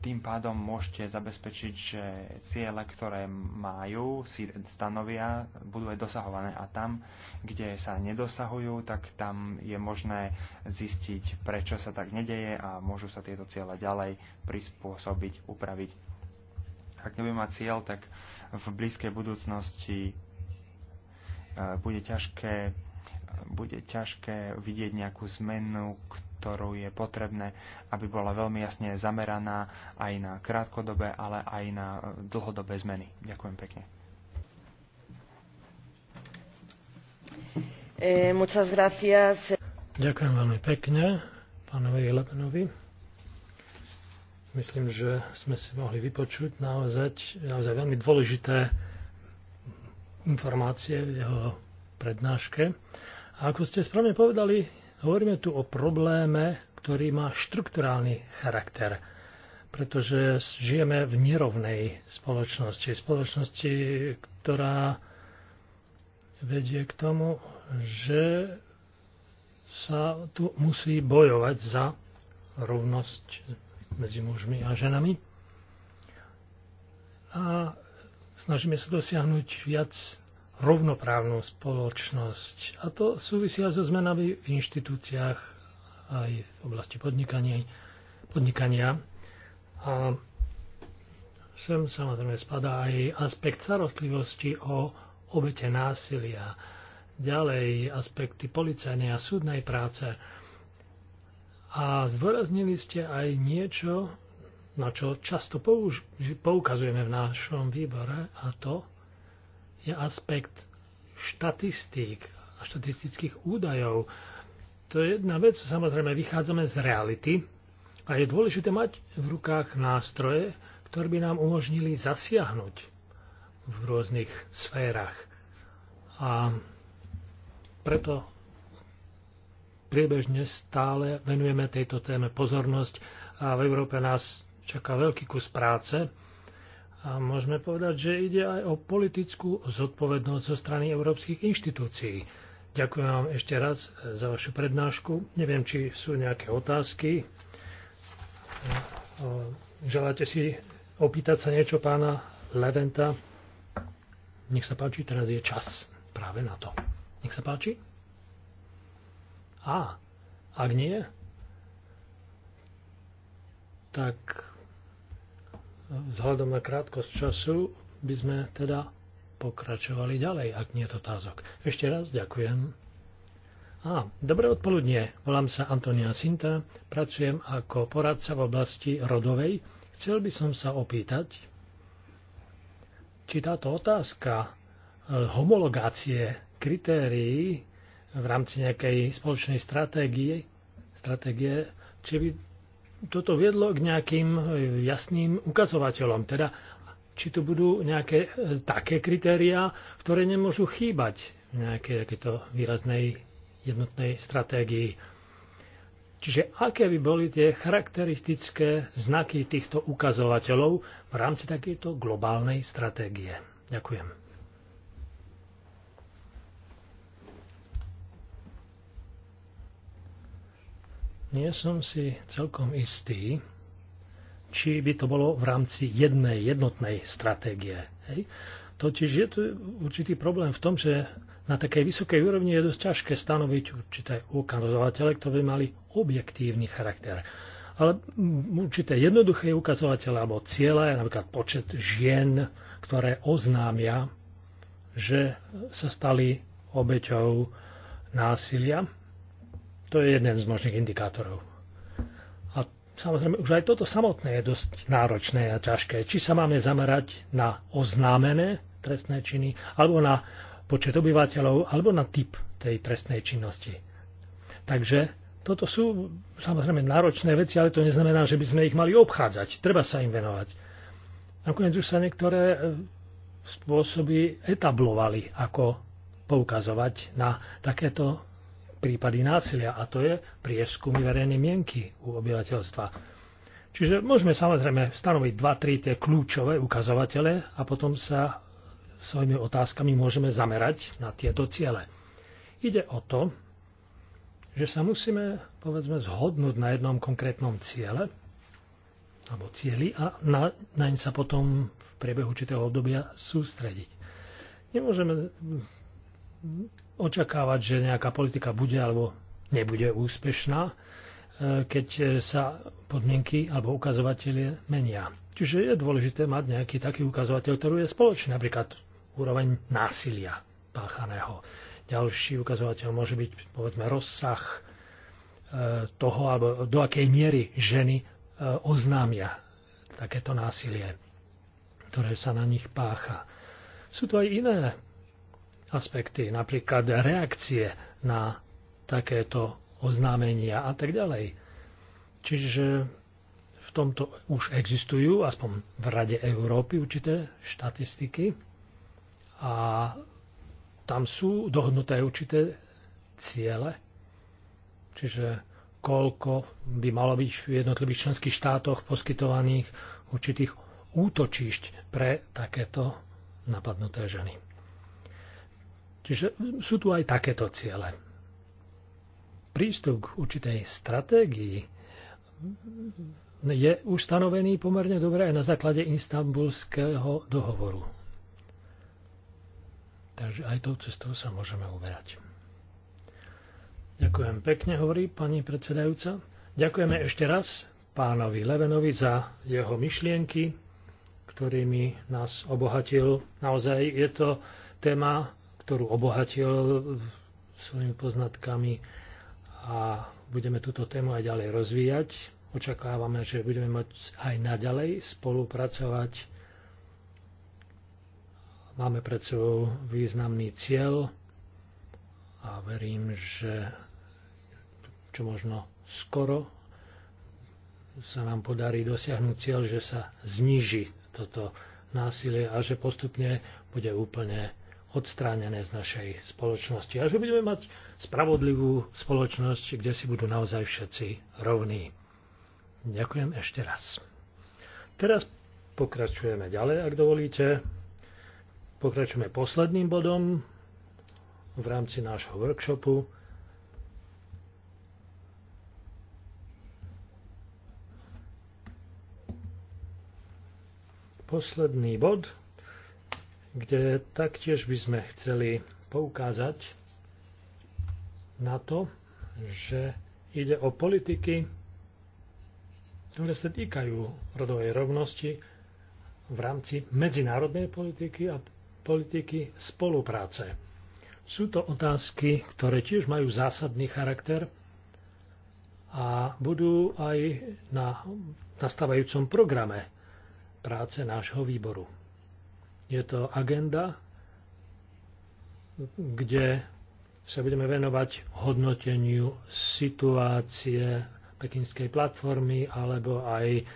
tým pádom môžete zabezpečiť, že ciele, ktoré majú, si stanovia, budú aj dosahované. A tam, kde sa nedosahujú, tak tam je možné zistiť, prečo sa tak nedeje a môžu sa tieto ciele ďalej prispôsobiť, upraviť. Ak nebudeme mať cieľ, tak v blízkej budúcnosti e, bude ťažké, bude ťažké vidieť nejakú zmenu, ktorá ktorú je potrebné, aby bola veľmi jasne zameraná aj na krátkodobé, ale aj na e, dlhodobé zmeny. Ďakujem pekne. E, Ďakujem veľmi pekne pánovi Lepenovi. Myslím, že sme si mohli vypočuť naozaj, naozaj veľmi dôležité informácie v jeho prednáške. A ako ste správne povedali, Hovoríme tu o probléme, ktorý má štrukturálny charakter, pretože žijeme v nerovnej spoločnosti, spoločnosti, ktorá vedie k tomu, že sa tu musí bojovať za rovnosť medzi mužmi a ženami. A snažíme sa dosiahnuť viac rovnoprávnu spoločnosť. A to súvisia so zmenami v inštitúciách aj v oblasti podnikania. podnikania. A sem samozrejme spadá aj aspekt starostlivosti o obete násilia, ďalej aspekty policajnej a súdnej práce. A zdôraznili ste aj niečo, na čo často poukazujeme v našom výbore, a to je aspekt štatistík a štatistických údajov. To je jedna vec, samozrejme vychádzame z reality a je dôležité mať v rukách nástroje, ktoré by nám umožnili zasiahnuť v rôznych sférach. A preto priebežne stále venujeme tejto téme pozornosť a v Európe nás čaká veľký kus práce a môžeme povedať, že ide aj o politickú zodpovednosť zo strany európskych inštitúcií. Ďakujem vám ešte raz za vašu prednášku. Neviem, či sú nejaké otázky. Želáte si opýtať sa niečo pána Leventa? Nech sa páči, teraz je čas práve na to. Nech sa páči. A ak nie, tak vzhľadom na krátkosť času by sme teda pokračovali ďalej, ak nie je otázok. Ešte raz ďakujem. Á, dobré odpoludnie. Volám sa Antonia Sinta, pracujem ako poradca v oblasti rodovej. Chcel by som sa opýtať, či táto otázka e, homologácie kritérií v rámci nejakej spoločnej stratégie, stratégie či by toto viedlo k nejakým e, jasným ukazovateľom. Teda, či tu budú nejaké e, také kritériá, ktoré nemôžu chýbať v nejakej takéto výraznej jednotnej stratégii. Čiže aké by boli tie charakteristické znaky týchto ukazovateľov v rámci takéto globálnej stratégie? Ďakujem. Nie som si celkom istý, či by to bolo v rámci jednej jednotnej stratégie. Hej? Totiž je tu určitý problém v tom, že na takej vysokej úrovni je dosť ťažké stanoviť určité ukazovatele, ktoré by mali objektívny charakter. Ale určité jednoduché ukazovatele alebo cieľa je napríklad počet žien, ktoré oznámia, že sa stali obeťou násilia to je jeden z možných indikátorov. A samozrejme, už aj toto samotné je dosť náročné a ťažké. Či sa máme zamerať na oznámené trestné činy, alebo na počet obyvateľov, alebo na typ tej trestnej činnosti. Takže toto sú samozrejme náročné veci, ale to neznamená, že by sme ich mali obchádzať. Treba sa im venovať. Nakoniec už sa niektoré e, spôsoby etablovali, ako poukazovať na takéto prípady násilia a to je prieskumy verejnej mienky u obyvateľstva. Čiže môžeme samozrejme stanoviť 2-3 tie kľúčové ukazovatele a potom sa svojimi otázkami môžeme zamerať na tieto ciele. Ide o to, že sa musíme, povedzme, zhodnúť na jednom konkrétnom ciele alebo cieli a na, naň sa potom v priebehu určitého obdobia sústrediť. Nemôžeme očakávať, že nejaká politika bude alebo nebude úspešná, e, keď sa podmienky alebo ukazovatelie menia. Čiže je dôležité mať nejaký taký ukazovateľ, ktorý je spoločný, napríklad úroveň násilia páchaného. Ďalší ukazovateľ môže byť, povedzme, rozsah e, toho, alebo do akej miery ženy e, oznámia takéto násilie, ktoré sa na nich pácha. Sú to aj iné aspekty, napríklad reakcie na takéto oznámenia a tak ďalej. Čiže v tomto už existujú, aspoň v Rade Európy, určité štatistiky a tam sú dohodnuté určité ciele, čiže koľko by malo byť v jednotlivých členských štátoch poskytovaných určitých útočišť pre takéto napadnuté ženy. Čiže sú tu aj takéto ciele. Prístup k určitej stratégii je už stanovený pomerne dobre aj na základe istambulského dohovoru. Takže aj tou cestou sa môžeme uberať. Ďakujem pekne, hovorí pani predsedajúca. Ďakujeme ešte raz pánovi Levenovi za jeho myšlienky, ktorými nás obohatil. Naozaj je to téma ktorú obohatil svojimi poznatkami a budeme túto tému aj ďalej rozvíjať. Očakávame, že budeme mať aj naďalej spolupracovať. Máme pred sebou významný cieľ a verím, že čo možno skoro sa nám podarí dosiahnuť cieľ, že sa zniží toto násilie a že postupne bude úplne odstránené z našej spoločnosti a že budeme mať spravodlivú spoločnosť, kde si budú naozaj všetci rovní. Ďakujem ešte raz. Teraz pokračujeme ďalej, ak dovolíte. Pokračujeme posledným bodom v rámci nášho workshopu. Posledný bod kde taktiež by sme chceli poukázať na to, že ide o politiky, ktoré sa týkajú rodovej rovnosti v rámci medzinárodnej politiky a politiky spolupráce. Sú to otázky, ktoré tiež majú zásadný charakter a budú aj na nastávajúcom programe práce nášho výboru. Je to agenda, kde sa budeme venovať hodnoteniu situácie pekinskej platformy alebo aj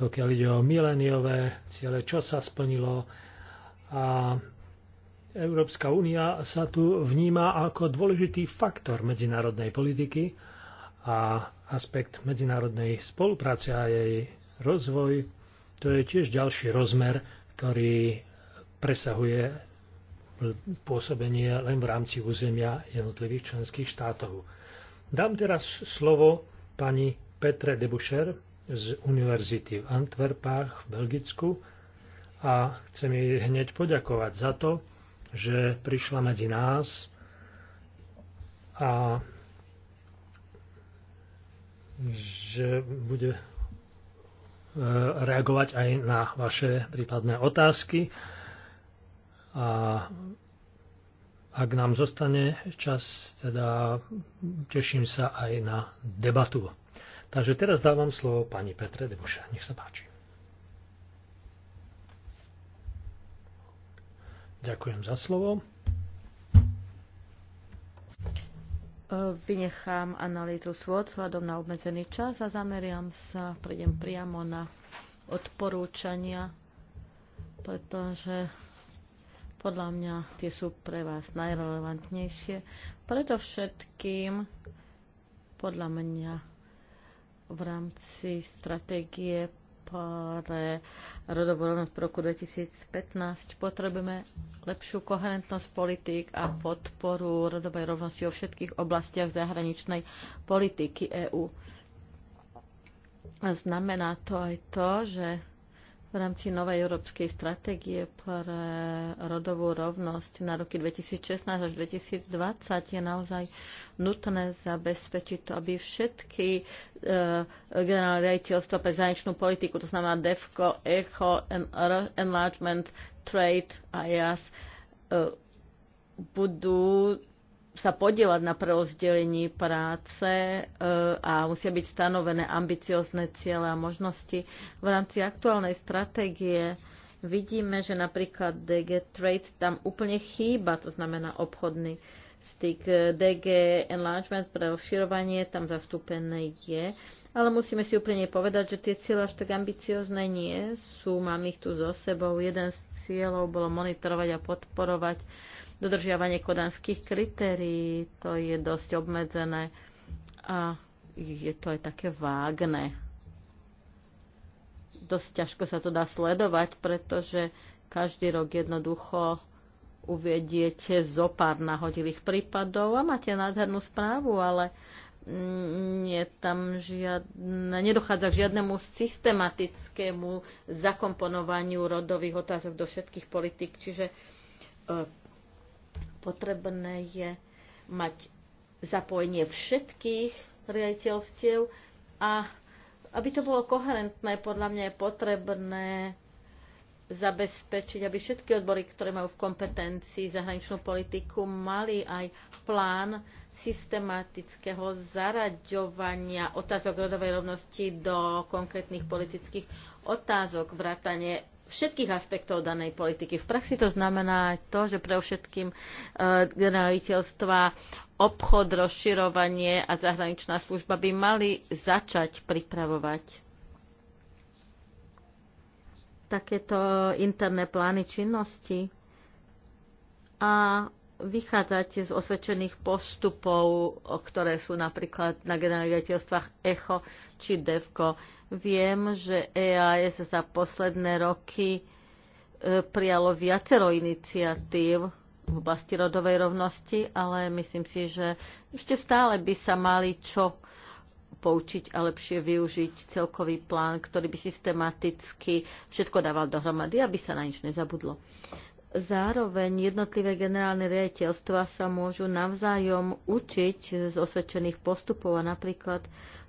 pokiaľ ide o mileniové ciele, čo sa splnilo. A Európska únia sa tu vníma ako dôležitý faktor medzinárodnej politiky a aspekt medzinárodnej spolupráce a jej rozvoj, to je tiež ďalší rozmer, ktorý presahuje pôsobenie len v rámci územia jednotlivých členských štátov. Dám teraz slovo pani Petre Debušer z Univerzity v Antwerpách v Belgicku a chcem jej hneď poďakovať za to, že prišla medzi nás a že bude e, reagovať aj na vaše prípadné otázky a ak nám zostane čas, teda teším sa aj na debatu. Takže teraz dávam slovo pani Petre Deboša. Nech sa páči. Ďakujem za slovo. Vynechám analýzu svod vzhľadom na obmedzený čas a zameriam sa, prejdem priamo na odporúčania, pretože podľa mňa tie sú pre vás najrelevantnejšie. Predovšetkým, podľa mňa, v rámci stratégie pre rodovú rovnosť roku 2015 potrebujeme lepšiu koherentnosť politík a podporu rodovej rovnosti o všetkých oblastiach zahraničnej politiky EÚ. Znamená to aj to, že v rámci novej európskej stratégie pre rodovú rovnosť na roky 2016 až 2020 je naozaj nutné zabezpečiť to, aby všetky e, generálne riaditeľstva pre zahraničnú politiku, to znamená DEFCO, ECHO, en, r, Enlargement, Trade a e, eh, budú sa podielať na prerozdelení práce e, a musia byť stanovené ambiciozne ciele a možnosti. V rámci aktuálnej stratégie vidíme, že napríklad DG Trade tam úplne chýba, to znamená obchodný styk DG Enlargement pre rozširovanie tam zastúpené je, ale musíme si úplne povedať, že tie cieľe až tak ambiciozne nie sú. Mám ich tu so sebou. Jeden z cieľov bolo monitorovať a podporovať uh, dodržiavanie kodanských kritérií, to je dosť obmedzené a je to aj také vágne. Dosť ťažko sa to dá sledovať, pretože každý rok jednoducho uvediete zo pár nahodilých prípadov a máte nádhernú správu, ale nie tam žiadne, nedochádza k žiadnemu systematickému zakomponovaniu rodových otázok do všetkých politik, čiže e, Potrebné je mať zapojenie všetkých riaditeľstiev a aby to bolo koherentné, podľa mňa je potrebné zabezpečiť, aby všetky odbory, ktoré majú v kompetencii zahraničnú politiku, mali aj plán systematického zaraďovania otázok rodovej rovnosti do konkrétnych politických otázok, vrátanie všetkých aspektov danej politiky. V praxi to znamená to, že pre všetkým e, generaliteľstva obchod, rozširovanie a zahraničná služba by mali začať pripravovať takéto interné plány činnosti a vychádzate z osvedčených postupov, ktoré sú napríklad na generálnych ECHO či DEVCO. Viem, že EAS za posledné roky e, prijalo viacero iniciatív v oblasti rodovej rovnosti, ale myslím si, že ešte stále by sa mali čo poučiť a lepšie využiť celkový plán, ktorý by systematicky všetko dával dohromady, aby sa na nič nezabudlo. Uh, Zároveň jednotlivé generálne riaditeľstva sa môžu navzájom učiť z osvedčených postupov a napríklad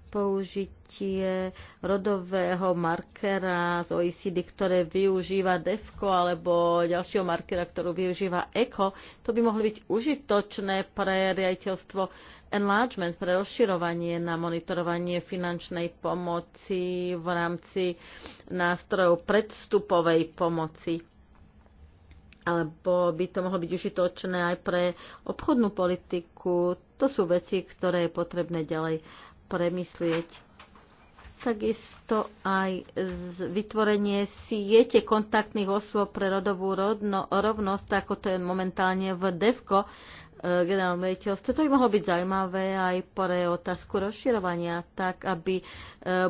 použitie rodového markera z OECD, ktoré využíva DEFCO alebo ďalšieho markera, ktorú využíva ECO, to by mohlo byť užitočné pre riaditeľstvo enlargement, pre rozširovanie na monitorovanie finančnej pomoci v rámci nástrojov predstupovej pomoci alebo by to mohlo byť užitočné aj pre obchodnú politiku. To sú veci, ktoré je potrebné ďalej premyslieť. Takisto aj vytvorenie siete kontaktných osôb pre rodovú rodno, rovnosť, ako to je momentálne v DEVKO, e, generálne riaditeľstve. To by mohlo byť zaujímavé aj pre otázku rozširovania, tak aby e,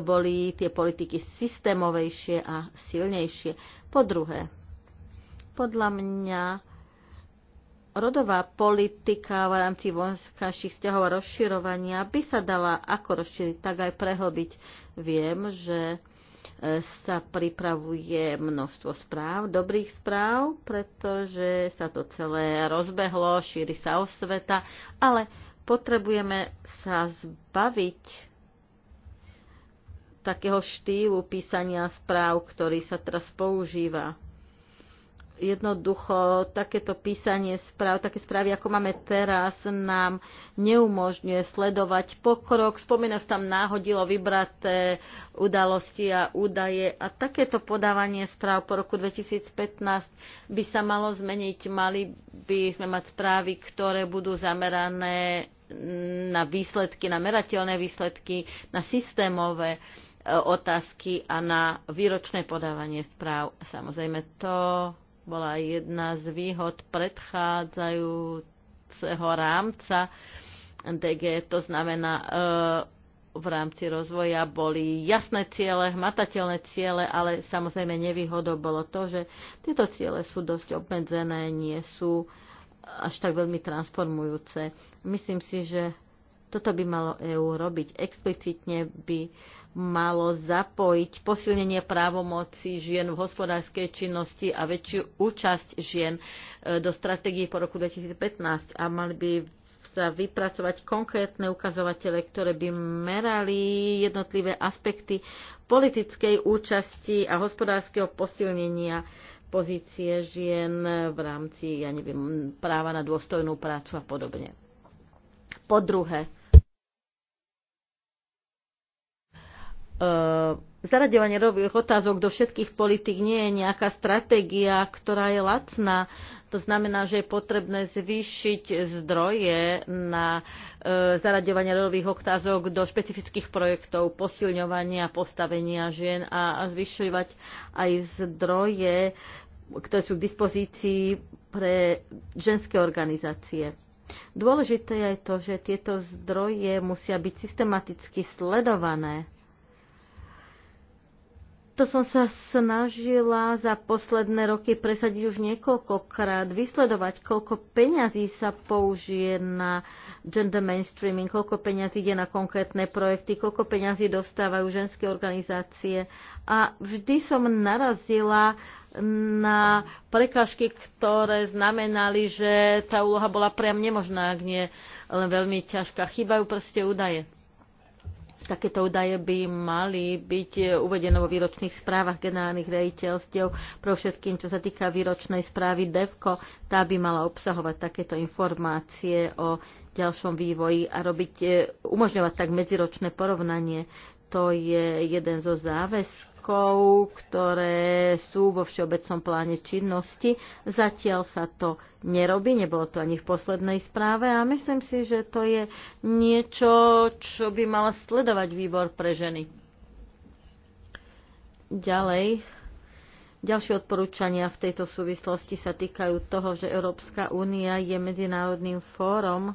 boli tie politiky systémovejšie a silnejšie. Po druhé, podľa mňa rodová politika v rámci vojenských vzťahov a rozširovania by sa dala ako rozšíriť, tak aj prehlbiť. Viem, že e, sa pripravuje množstvo správ, dobrých správ, pretože sa to celé rozbehlo, šíri sa osveta, ale potrebujeme sa zbaviť takého štýlu písania správ, ktorý sa teraz používa jednoducho takéto písanie správ, také správy, ako máme teraz, nám neumožňuje sledovať pokrok. Spomínaš tam náhodilo vybraté udalosti a údaje a takéto podávanie správ po roku 2015 by sa malo zmeniť. Mali by sme mať správy, ktoré budú zamerané na výsledky, na merateľné výsledky, na systémové e, otázky a na výročné podávanie správ. Samozrejme, to bola jedna z výhod predchádzajúceho rámca DG, to znamená e, v rámci rozvoja boli jasné ciele, hmatateľné ciele, ale samozrejme nevýhodou bolo to, že tieto ciele sú dosť obmedzené, nie sú až tak veľmi transformujúce. Myslím si, že toto by malo EÚ robiť. Explicitne by malo zapojiť posilnenie právomoci žien v hospodárskej činnosti a väčšiu účasť žien e, do stratégie po roku 2015 a mali by sa vypracovať konkrétne ukazovatele, ktoré by merali jednotlivé aspekty politickej účasti a hospodárskeho posilnenia pozície žien v rámci, ja neviem, práva na dôstojnú prácu a podobne. Po druhé, E, zaraďovanie rových otázok do všetkých politik nie je nejaká stratégia, ktorá je lacná. To znamená, že je potrebné zvýšiť zdroje na e, zaraďovanie otázok do špecifických projektov posilňovania postavenia žien a, a zvyšovať aj zdroje, ktoré sú k dispozícii pre ženské organizácie. Dôležité je to, že tieto zdroje musia byť systematicky sledované to som sa snažila za posledné roky presadiť už niekoľkokrát, vysledovať, koľko peňazí sa použije na gender mainstreaming, koľko peňazí ide na konkrétne projekty, koľko peňazí dostávajú ženské organizácie. A vždy som narazila na prekažky, ktoré znamenali, že tá úloha bola priam nemožná, ak nie len veľmi ťažká. Chýbajú proste údaje. Takéto údaje by mali byť uvedené vo výročných správach generálnych rejiteľstiev. Pro všetkým, čo sa týka výročnej správy DEVKO, tá by mala obsahovať takéto informácie o ďalšom vývoji a robiť, e, umožňovať tak medziročné porovnanie to je jeden zo záväzkov, ktoré sú vo všeobecnom pláne činnosti. Zatiaľ sa to nerobí, nebolo to ani v poslednej správe a myslím si, že to je niečo, čo by mala sledovať výbor pre ženy. Ďalej, Ďalšie odporúčania v tejto súvislosti sa týkajú toho, že Európska únia je medzinárodným fórom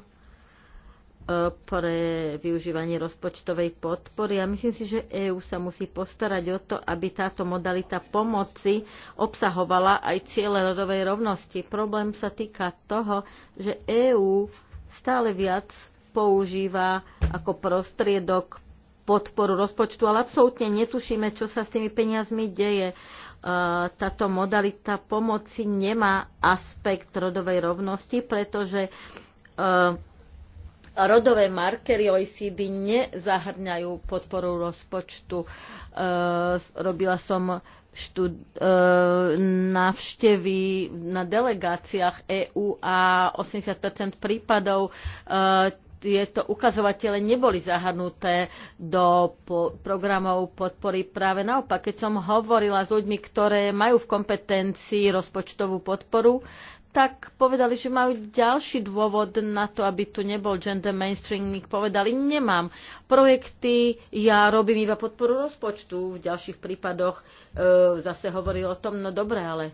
pre využívanie rozpočtovej podpory a myslím si, že EÚ sa musí postarať o to, aby táto modalita pomoci obsahovala aj ciele rodovej rovnosti. Problém sa týka toho, že EÚ stále viac používa ako prostriedok podporu rozpočtu, ale absolútne netušíme, čo sa s tými peniazmi deje e, táto modalita pomoci nemá aspekt rodovej rovnosti, pretože e, rodové markery OECD nezahrňajú podporu rozpočtu. E, robila som štú, e, návštevy na delegáciách EÚ a 80 prípadov e, tieto ukazovatele neboli zahrnuté do programov podpory. Práve naopak, keď som hovorila s ľuďmi, ktoré majú v kompetencii rozpočtovú podporu, tak povedali, že majú ďalší dôvod na to, aby tu nebol gender mainstreaming. Povedali, nemám projekty, ja robím iba podporu rozpočtu. V ďalších prípadoch e, zase hovoril o tom, no dobre, ale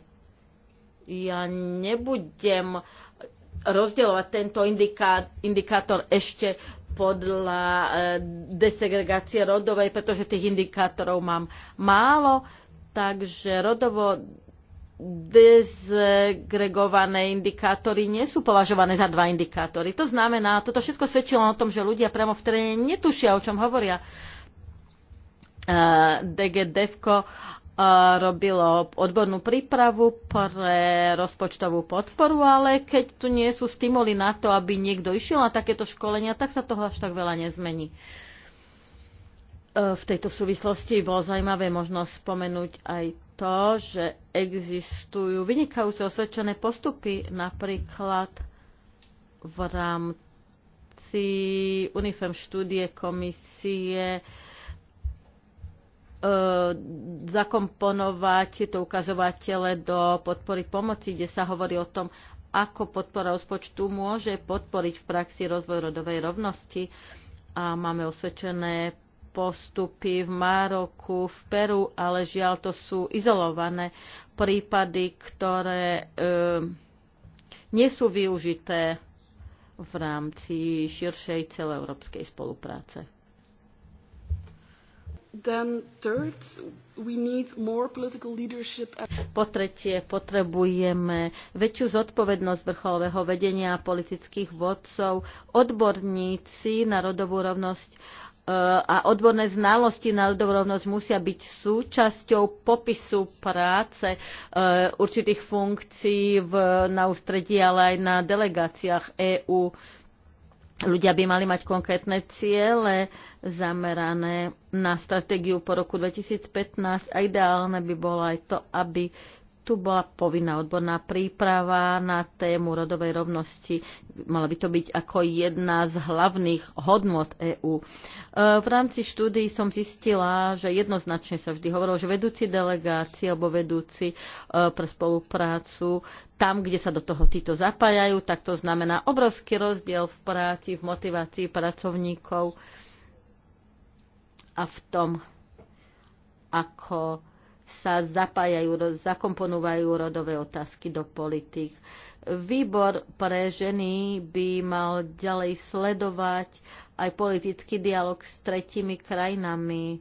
ja nebudem rozdielovať tento indiká, indikátor ešte podľa e, desegregácie rodovej, pretože tých indikátorov mám málo, takže rodovo dezgregované indikátory nie sú považované za dva indikátory. To znamená, toto všetko svedčilo o tom, že ľudia priamo v teréne netušia, o čom hovoria. Eh, DG DEVKO eh, robilo odbornú prípravu pre rozpočtovú podporu, ale keď tu nie sú stimuly na to, aby niekto išiel na takéto školenia, tak sa toho až tak veľa nezmení. Eh, v tejto súvislosti bolo zaujímavé možno spomenúť aj to, že existujú vynikajúce osvedčené postupy, napríklad v rámci UNIFEM štúdie komisie e, zakomponovať tieto ukazovatele do podpory pomoci, kde sa hovorí o tom, ako podpora rozpočtu môže podporiť v praxi rozvoj rodovej rovnosti a máme osvedčené postupy v Maroku, v Peru, ale žiaľ to sú izolované prípady, ktoré e, nie sú využité v rámci širšej celoeurópskej spolupráce. Third, po tretie, potrebujeme väčšiu zodpovednosť vrcholového vedenia politických vodcov. Odborníci na rodovú rovnosť Eh, a odborné znalosti na ľudovrovnosť musia byť súčasťou popisu práce eh, určitých funkcií v, na ústredí, ale aj na delegáciách EÚ. Ľudia by mali mať konkrétne ciele zamerané na stratégiu po roku 2015 a ideálne by bolo aj to, aby tu bola povinná odborná príprava na tému rodovej rovnosti. Mala by to byť ako jedna z hlavných hodnot EÚ. E, v rámci štúdií som zistila, že jednoznačne sa vždy hovorilo, že vedúci delegácie alebo vedúci e, pre spoluprácu tam, kde sa do toho títo zapájajú, tak to znamená obrovský rozdiel v práci, v motivácii pracovníkov a v tom, ako sa zapájajú, zakomponovajú rodové otázky do politik. Výbor pre ženy by mal ďalej sledovať aj politický dialog s tretimi krajinami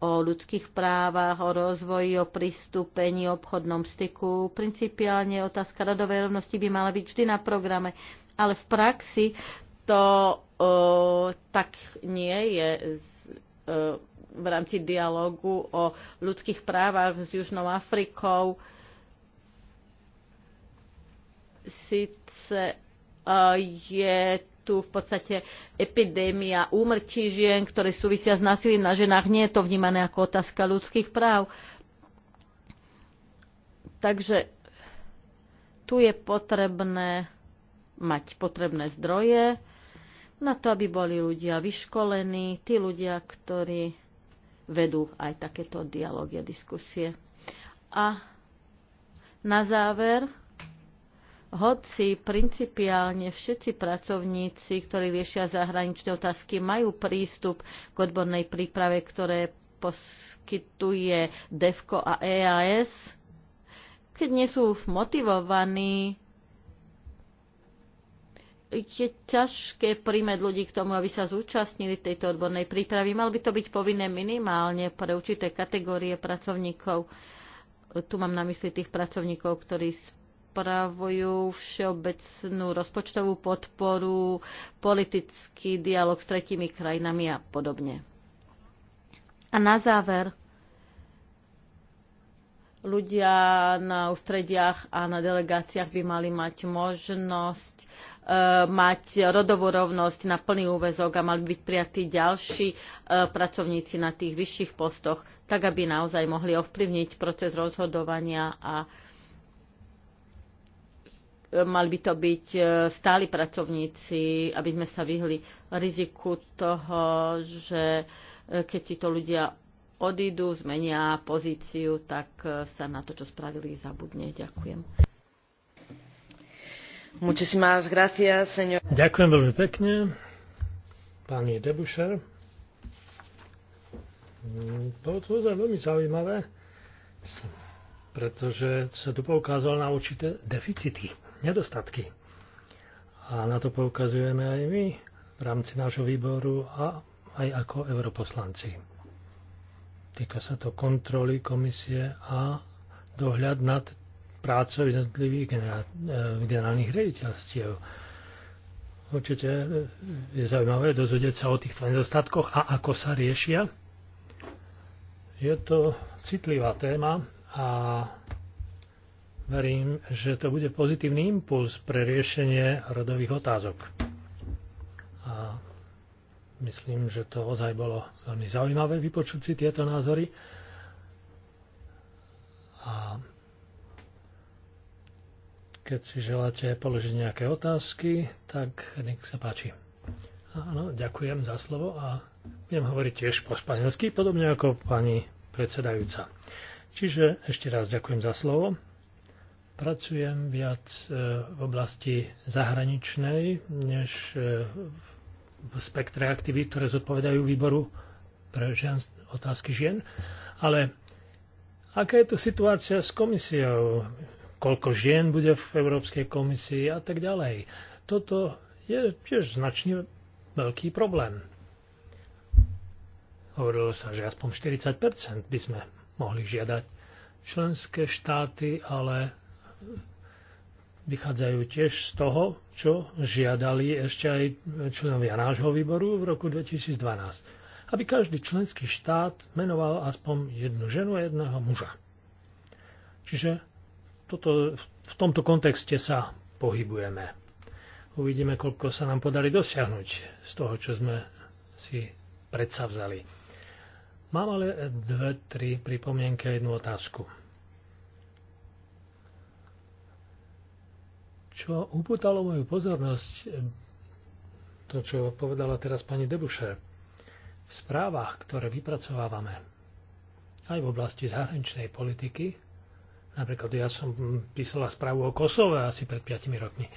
o ľudských právach, o rozvoji, o pristúpení, obchodnom styku. Principiálne otázka radovej rovnosti by mala byť vždy na programe, ale v praxi to o, tak nie je. Z, o, e, v rámci dialogu o ľudských právach s Južnou Afrikou. Sice e, je tu v podstate epidémia úmrtí žien, ktoré súvisia s násilím na ženách. Nie je to vnímané ako otázka ľudských práv. Takže tu je potrebné mať potrebné zdroje na to, aby boli ľudia vyškolení, tí ľudia, ktorí vedú aj takéto dialógy a diskusie. A na záver, hoci principiálne všetci pracovníci, ktorí riešia zahraničné otázky, majú prístup k odbornej príprave, ktoré poskytuje DEFCO a EAS, keď nie sú motivovaní je ťažké príjmať ľudí k tomu, aby sa zúčastnili tejto odbornej prípravy. Mal by to byť povinné minimálne pre určité kategórie pracovníkov. Tu mám na mysli tých pracovníkov, ktorí spravujú všeobecnú rozpočtovú podporu, politický dialog s tretimi krajinami a podobne. A na záver, ľudia na ústrediach a na delegáciách by mali mať možnosť E, mať rodovú rovnosť na plný úvezok a mali byť prijatí ďalší e, pracovníci na tých vyšších postoch, tak aby naozaj mohli ovplyvniť proces rozhodovania a e, mali by to byť stáli pracovníci, aby sme sa vyhli riziku toho, že keď títo ľudia odídu, zmenia pozíciu, tak sa na to, čo spravili, zabudne. Ďakujem. Ďakujem veľmi pekne, pani Debušer. Bolo mm, to teda veľmi zaujímavé, pretože sa tu poukázalo na určité deficity, nedostatky. A na to poukazujeme aj my v rámci nášho výboru a aj ako europoslanci. Týka sa to kontroly komisie a dohľad nad prácou jednotlivých eh, generálnych riaditeľstiev. Určite eh, je zaujímavé dozvedieť sa o týchto nedostatkoch a ako sa riešia. Je to citlivá téma a verím, že to bude pozitívny impuls pre riešenie rodových otázok. A myslím, že to ozaj bolo veľmi zaujímavé vypočuť si tieto názory. A keď si želáte položiť nejaké otázky, tak nech sa páči. Áno, ďakujem za slovo a budem hovoriť tiež po španielsky, podobne ako pani predsedajúca. Čiže ešte raz ďakujem za slovo. Pracujem viac e, v oblasti zahraničnej, než e, v spektre aktivít, ktoré zodpovedajú výboru pre žen, otázky žien. Ale aká je tu situácia s komisiou? koľko žien bude v Európskej komisii a tak ďalej. Toto je tiež značne veľký problém. Hovorilo sa, že aspoň 40 by sme mohli žiadať. Členské štáty ale vychádzajú tiež z toho, čo žiadali ešte aj členovia nášho výboru v roku 2012. Aby každý členský štát menoval aspoň jednu ženu a jedného muža. Čiže toto, v tomto kontexte sa pohybujeme. Uvidíme, koľko sa nám podarí dosiahnuť z toho, čo sme si predsavzali. Mám ale dve, tri pripomienky a jednu otázku. Čo upútalo moju pozornosť, to, čo povedala teraz pani Debuše, v správach, ktoré vypracovávame aj v oblasti zahraničnej politiky, Napríklad ja som písala správu o Kosove asi pred 5 rokmi.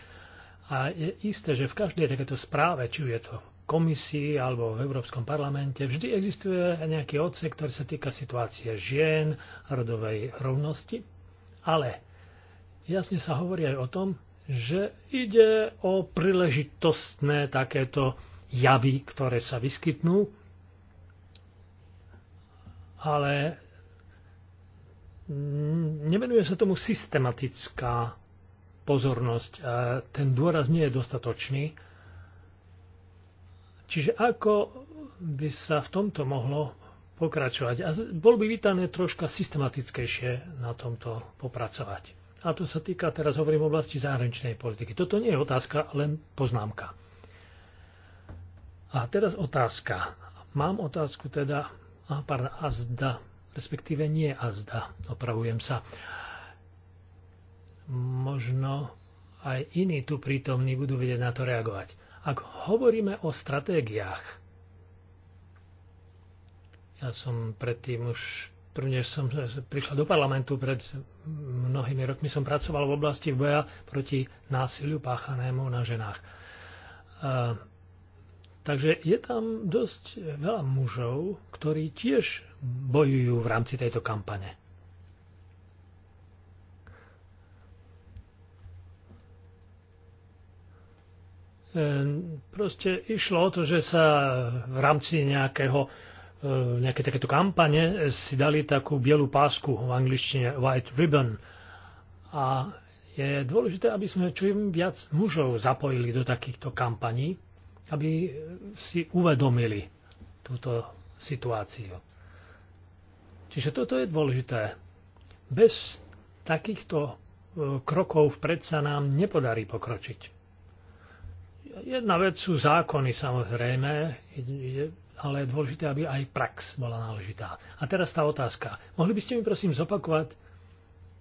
A je isté, že v každej takéto správe, či je to komisii alebo v Európskom parlamente, vždy existuje nejaký odsek, ktorý sa týka situácie žien, rodovej rovnosti. Ale jasne sa hovorí aj o tom, že ide o príležitostné takéto javy, ktoré sa vyskytnú, ale Mm, nevenuje sa tomu systematická pozornosť. A ten dôraz nie je dostatočný. Čiže ako by sa v tomto mohlo pokračovať? A bol by vítané troška systematickejšie na tomto popracovať. A to sa týka, teraz hovorím o oblasti zahraničnej politiky. Toto nie je otázka, len poznámka. A teraz otázka. Mám otázku teda, a, pardon, a zda respektíve nie azda, opravujem sa. Možno aj iní tu prítomní budú vedieť na to reagovať. Ak hovoríme o stratégiách, ja som predtým už, prvne som prišla do parlamentu, pred mnohými rokmi som pracoval v oblasti boja proti násiliu páchanému na ženách. Ehm, Takže je tam dosť veľa mužov, ktorí tiež bojujú v rámci tejto kampane. E, proste išlo o to, že sa v rámci nejakého, e, nejaké takéto kampane si dali takú bielú pásku v angličtine white ribbon a je dôležité, aby sme čím viac mužov zapojili do takýchto kampaní, aby si uvedomili túto situáciu. Čiže toto je dôležité. Bez takýchto e, krokov vpred sa nám nepodarí pokročiť. Jedna vec sú zákony samozrejme, ale je dôležité, aby aj prax bola náležitá. A teraz tá otázka. Mohli by ste mi prosím zopakovať,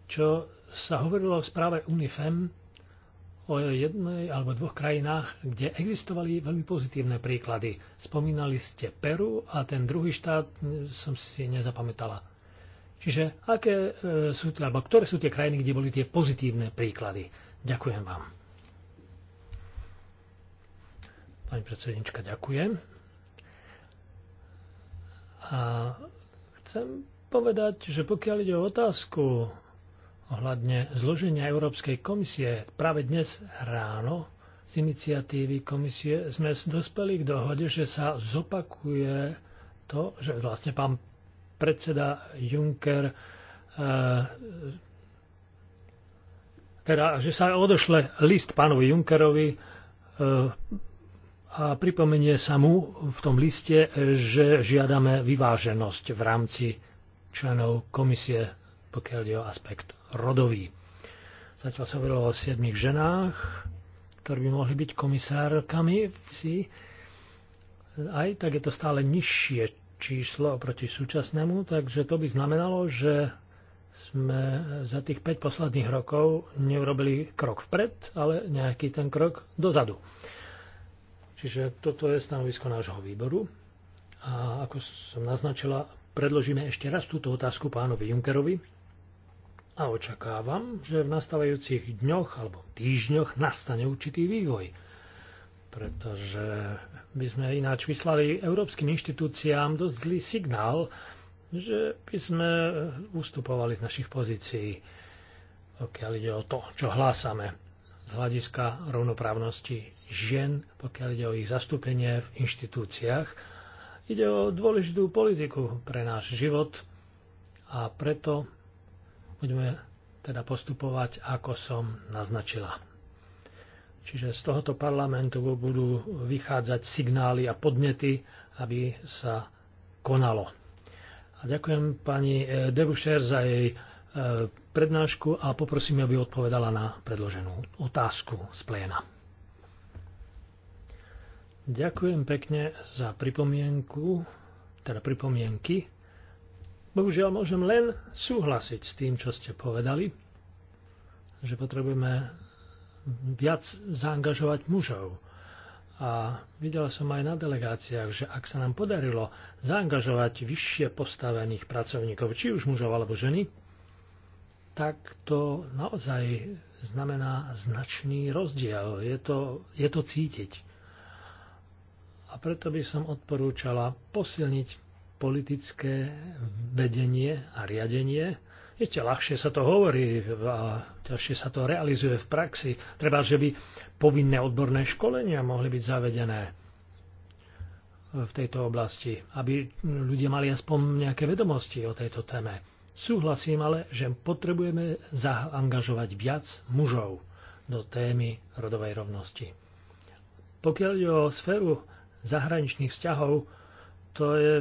čo sa hovorilo v správe UNIFEM o jednej alebo dvoch krajinách, kde existovali veľmi pozitívne príklady. Spomínali ste Peru a ten druhý štát som si nezapamätala. Čiže aké e, sú, alebo ktoré sú tie krajiny, kde boli tie pozitívne príklady? Ďakujem vám. Pani predsednička, ďakujem. A chcem povedať, že pokiaľ ide o otázku ohľadne zloženia Európskej komisie. Práve dnes ráno z iniciatívy komisie sme dospeli k dohode, že sa zopakuje to, že vlastne pán predseda Juncker e, teda, že sa odošle list pánovi Junckerovi e, a pripomenie sa mu v tom liste, že žiadame vyváženosť v rámci členov komisie, pokiaľ je o aspektu rodový. Zatiaľ sa hovorilo o siedmých ženách, ktoré by mohli byť komisárkami. Si. Aj tak je to stále nižšie číslo oproti súčasnému, takže to by znamenalo, že sme za tých 5 posledných rokov neurobili krok vpred, ale nejaký ten krok dozadu. Čiže toto je stanovisko nášho výboru. A ako som naznačila, predložíme ešte raz túto otázku pánovi Junkerovi a očakávam, že v nastávajúcich dňoch alebo týždňoch nastane určitý vývoj. Pretože by sme ináč vyslali európskym inštitúciám dosť zlý signál, že by sme ustupovali z našich pozícií, pokiaľ ide o to, čo hlásame z hľadiska rovnoprávnosti žien, pokiaľ ide o ich zastúpenie v inštitúciách. Ide o dôležitú politiku pre náš život a preto Budeme teda postupovať, ako som naznačila. Čiže z tohoto parlamentu budú vychádzať signály a podnety, aby sa konalo. A ďakujem pani eh, Debušer za jej eh, prednášku a poprosím, aby odpovedala na predloženú otázku z pléna. Ďakujem pekne za pripomienku, teda pripomienky Bohužiaľ môžem len súhlasiť s tým, čo ste povedali, že potrebujeme viac zaangažovať mužov. A videla som aj na delegáciách, že ak sa nám podarilo zaangažovať vyššie postavených pracovníkov, či už mužov alebo ženy, tak to naozaj znamená značný rozdiel. Je to, je to cítiť. A preto by som odporúčala posilniť politické vedenie a riadenie. Viete, ľahšie sa to hovorí a ťažšie sa to realizuje v praxi. Treba, že by povinné odborné školenia mohli byť zavedené v tejto oblasti, aby ľudia mali aspoň nejaké vedomosti o tejto téme. Súhlasím ale, že potrebujeme zaangažovať viac mužov do témy rodovej rovnosti. Pokiaľ ide o sféru zahraničných vzťahov, to je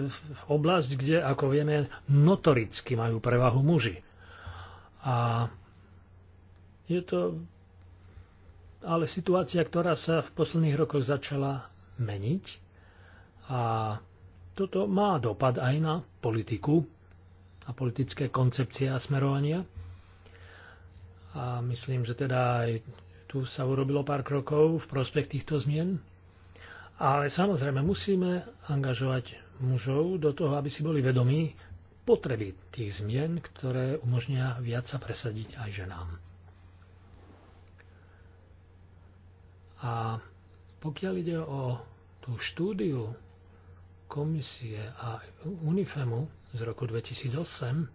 oblasť, kde, ako vieme, notoricky majú prevahu muži. A je to ale situácia, ktorá sa v posledných rokoch začala meniť a toto má dopad aj na politiku a politické koncepcie a smerovania. A myslím, že teda aj tu sa urobilo pár krokov v prospech týchto zmien. Ale samozrejme musíme angažovať mužov do toho, aby si boli vedomí potreby tých zmien, ktoré umožnia viac sa presadiť aj ženám. A pokiaľ ide o tú štúdiu komisie a UNIFEMu z roku 2008,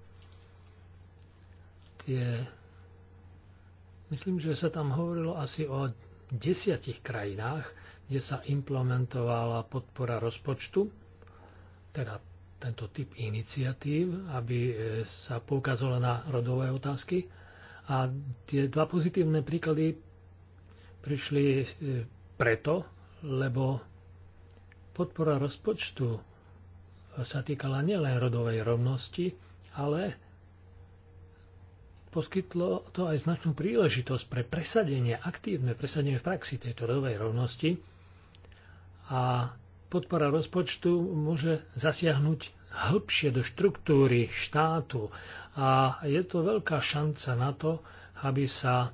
tie, myslím, že sa tam hovorilo asi o desiatich krajinách, kde sa implementovala podpora rozpočtu, teda tento typ iniciatív, aby e, sa poukázalo na rodové otázky. A tie dva pozitívne príklady prišli e, preto, lebo podpora rozpočtu sa týkala nielen rodovej rovnosti, ale poskytlo to aj značnú príležitosť pre presadenie, aktívne presadenie v praxi tejto rodovej rovnosti a podpora rozpočtu môže zasiahnuť hĺbšie do štruktúry štátu a je to veľká šanca na to, aby sa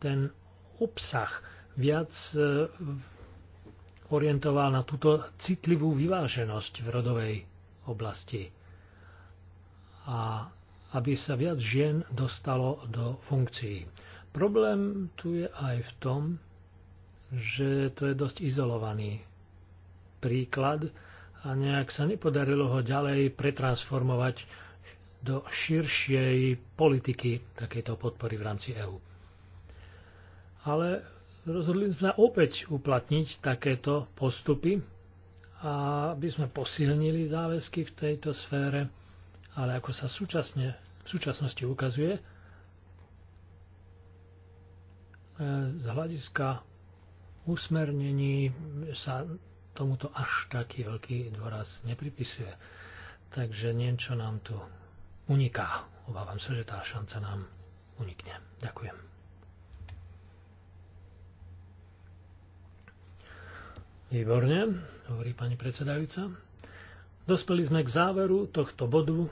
ten obsah viac e, orientoval na túto citlivú vyváženosť v rodovej oblasti a aby sa viac žien dostalo do funkcií. Problém tu je aj v tom, že to je dosť izolovaný príklad a nejak sa nepodarilo ho ďalej pretransformovať do širšej politiky takéto podpory v rámci EÚ. Ale rozhodli sme sa opäť uplatniť takéto postupy, aby sme posilnili záväzky v tejto sfére, ale ako sa súčasne, v súčasnosti ukazuje, e, z hľadiska usmernení sa tomuto až taký veľký dôraz nepripisuje. Takže niečo nám tu uniká. Obávam sa, že tá šanca nám unikne. Ďakujem. Výborne, hovorí pani predsedajúca. Dospeli sme k záveru tohto bodu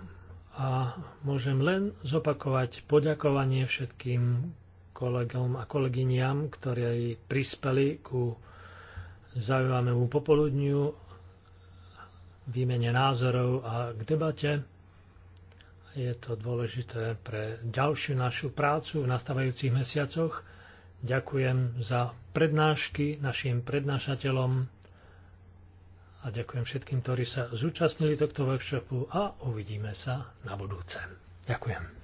a môžem len zopakovať poďakovanie všetkým kolegom a kolegyniam, ktorí prispeli ku zaujímavému popoludniu, výmene názorov a k debate. Je to dôležité pre ďalšiu našu prácu v nastávajúcich mesiacoch. Ďakujem za prednášky našim prednášateľom a ďakujem všetkým, ktorí sa zúčastnili tohto workshopu a uvidíme sa na budúce. Ďakujem.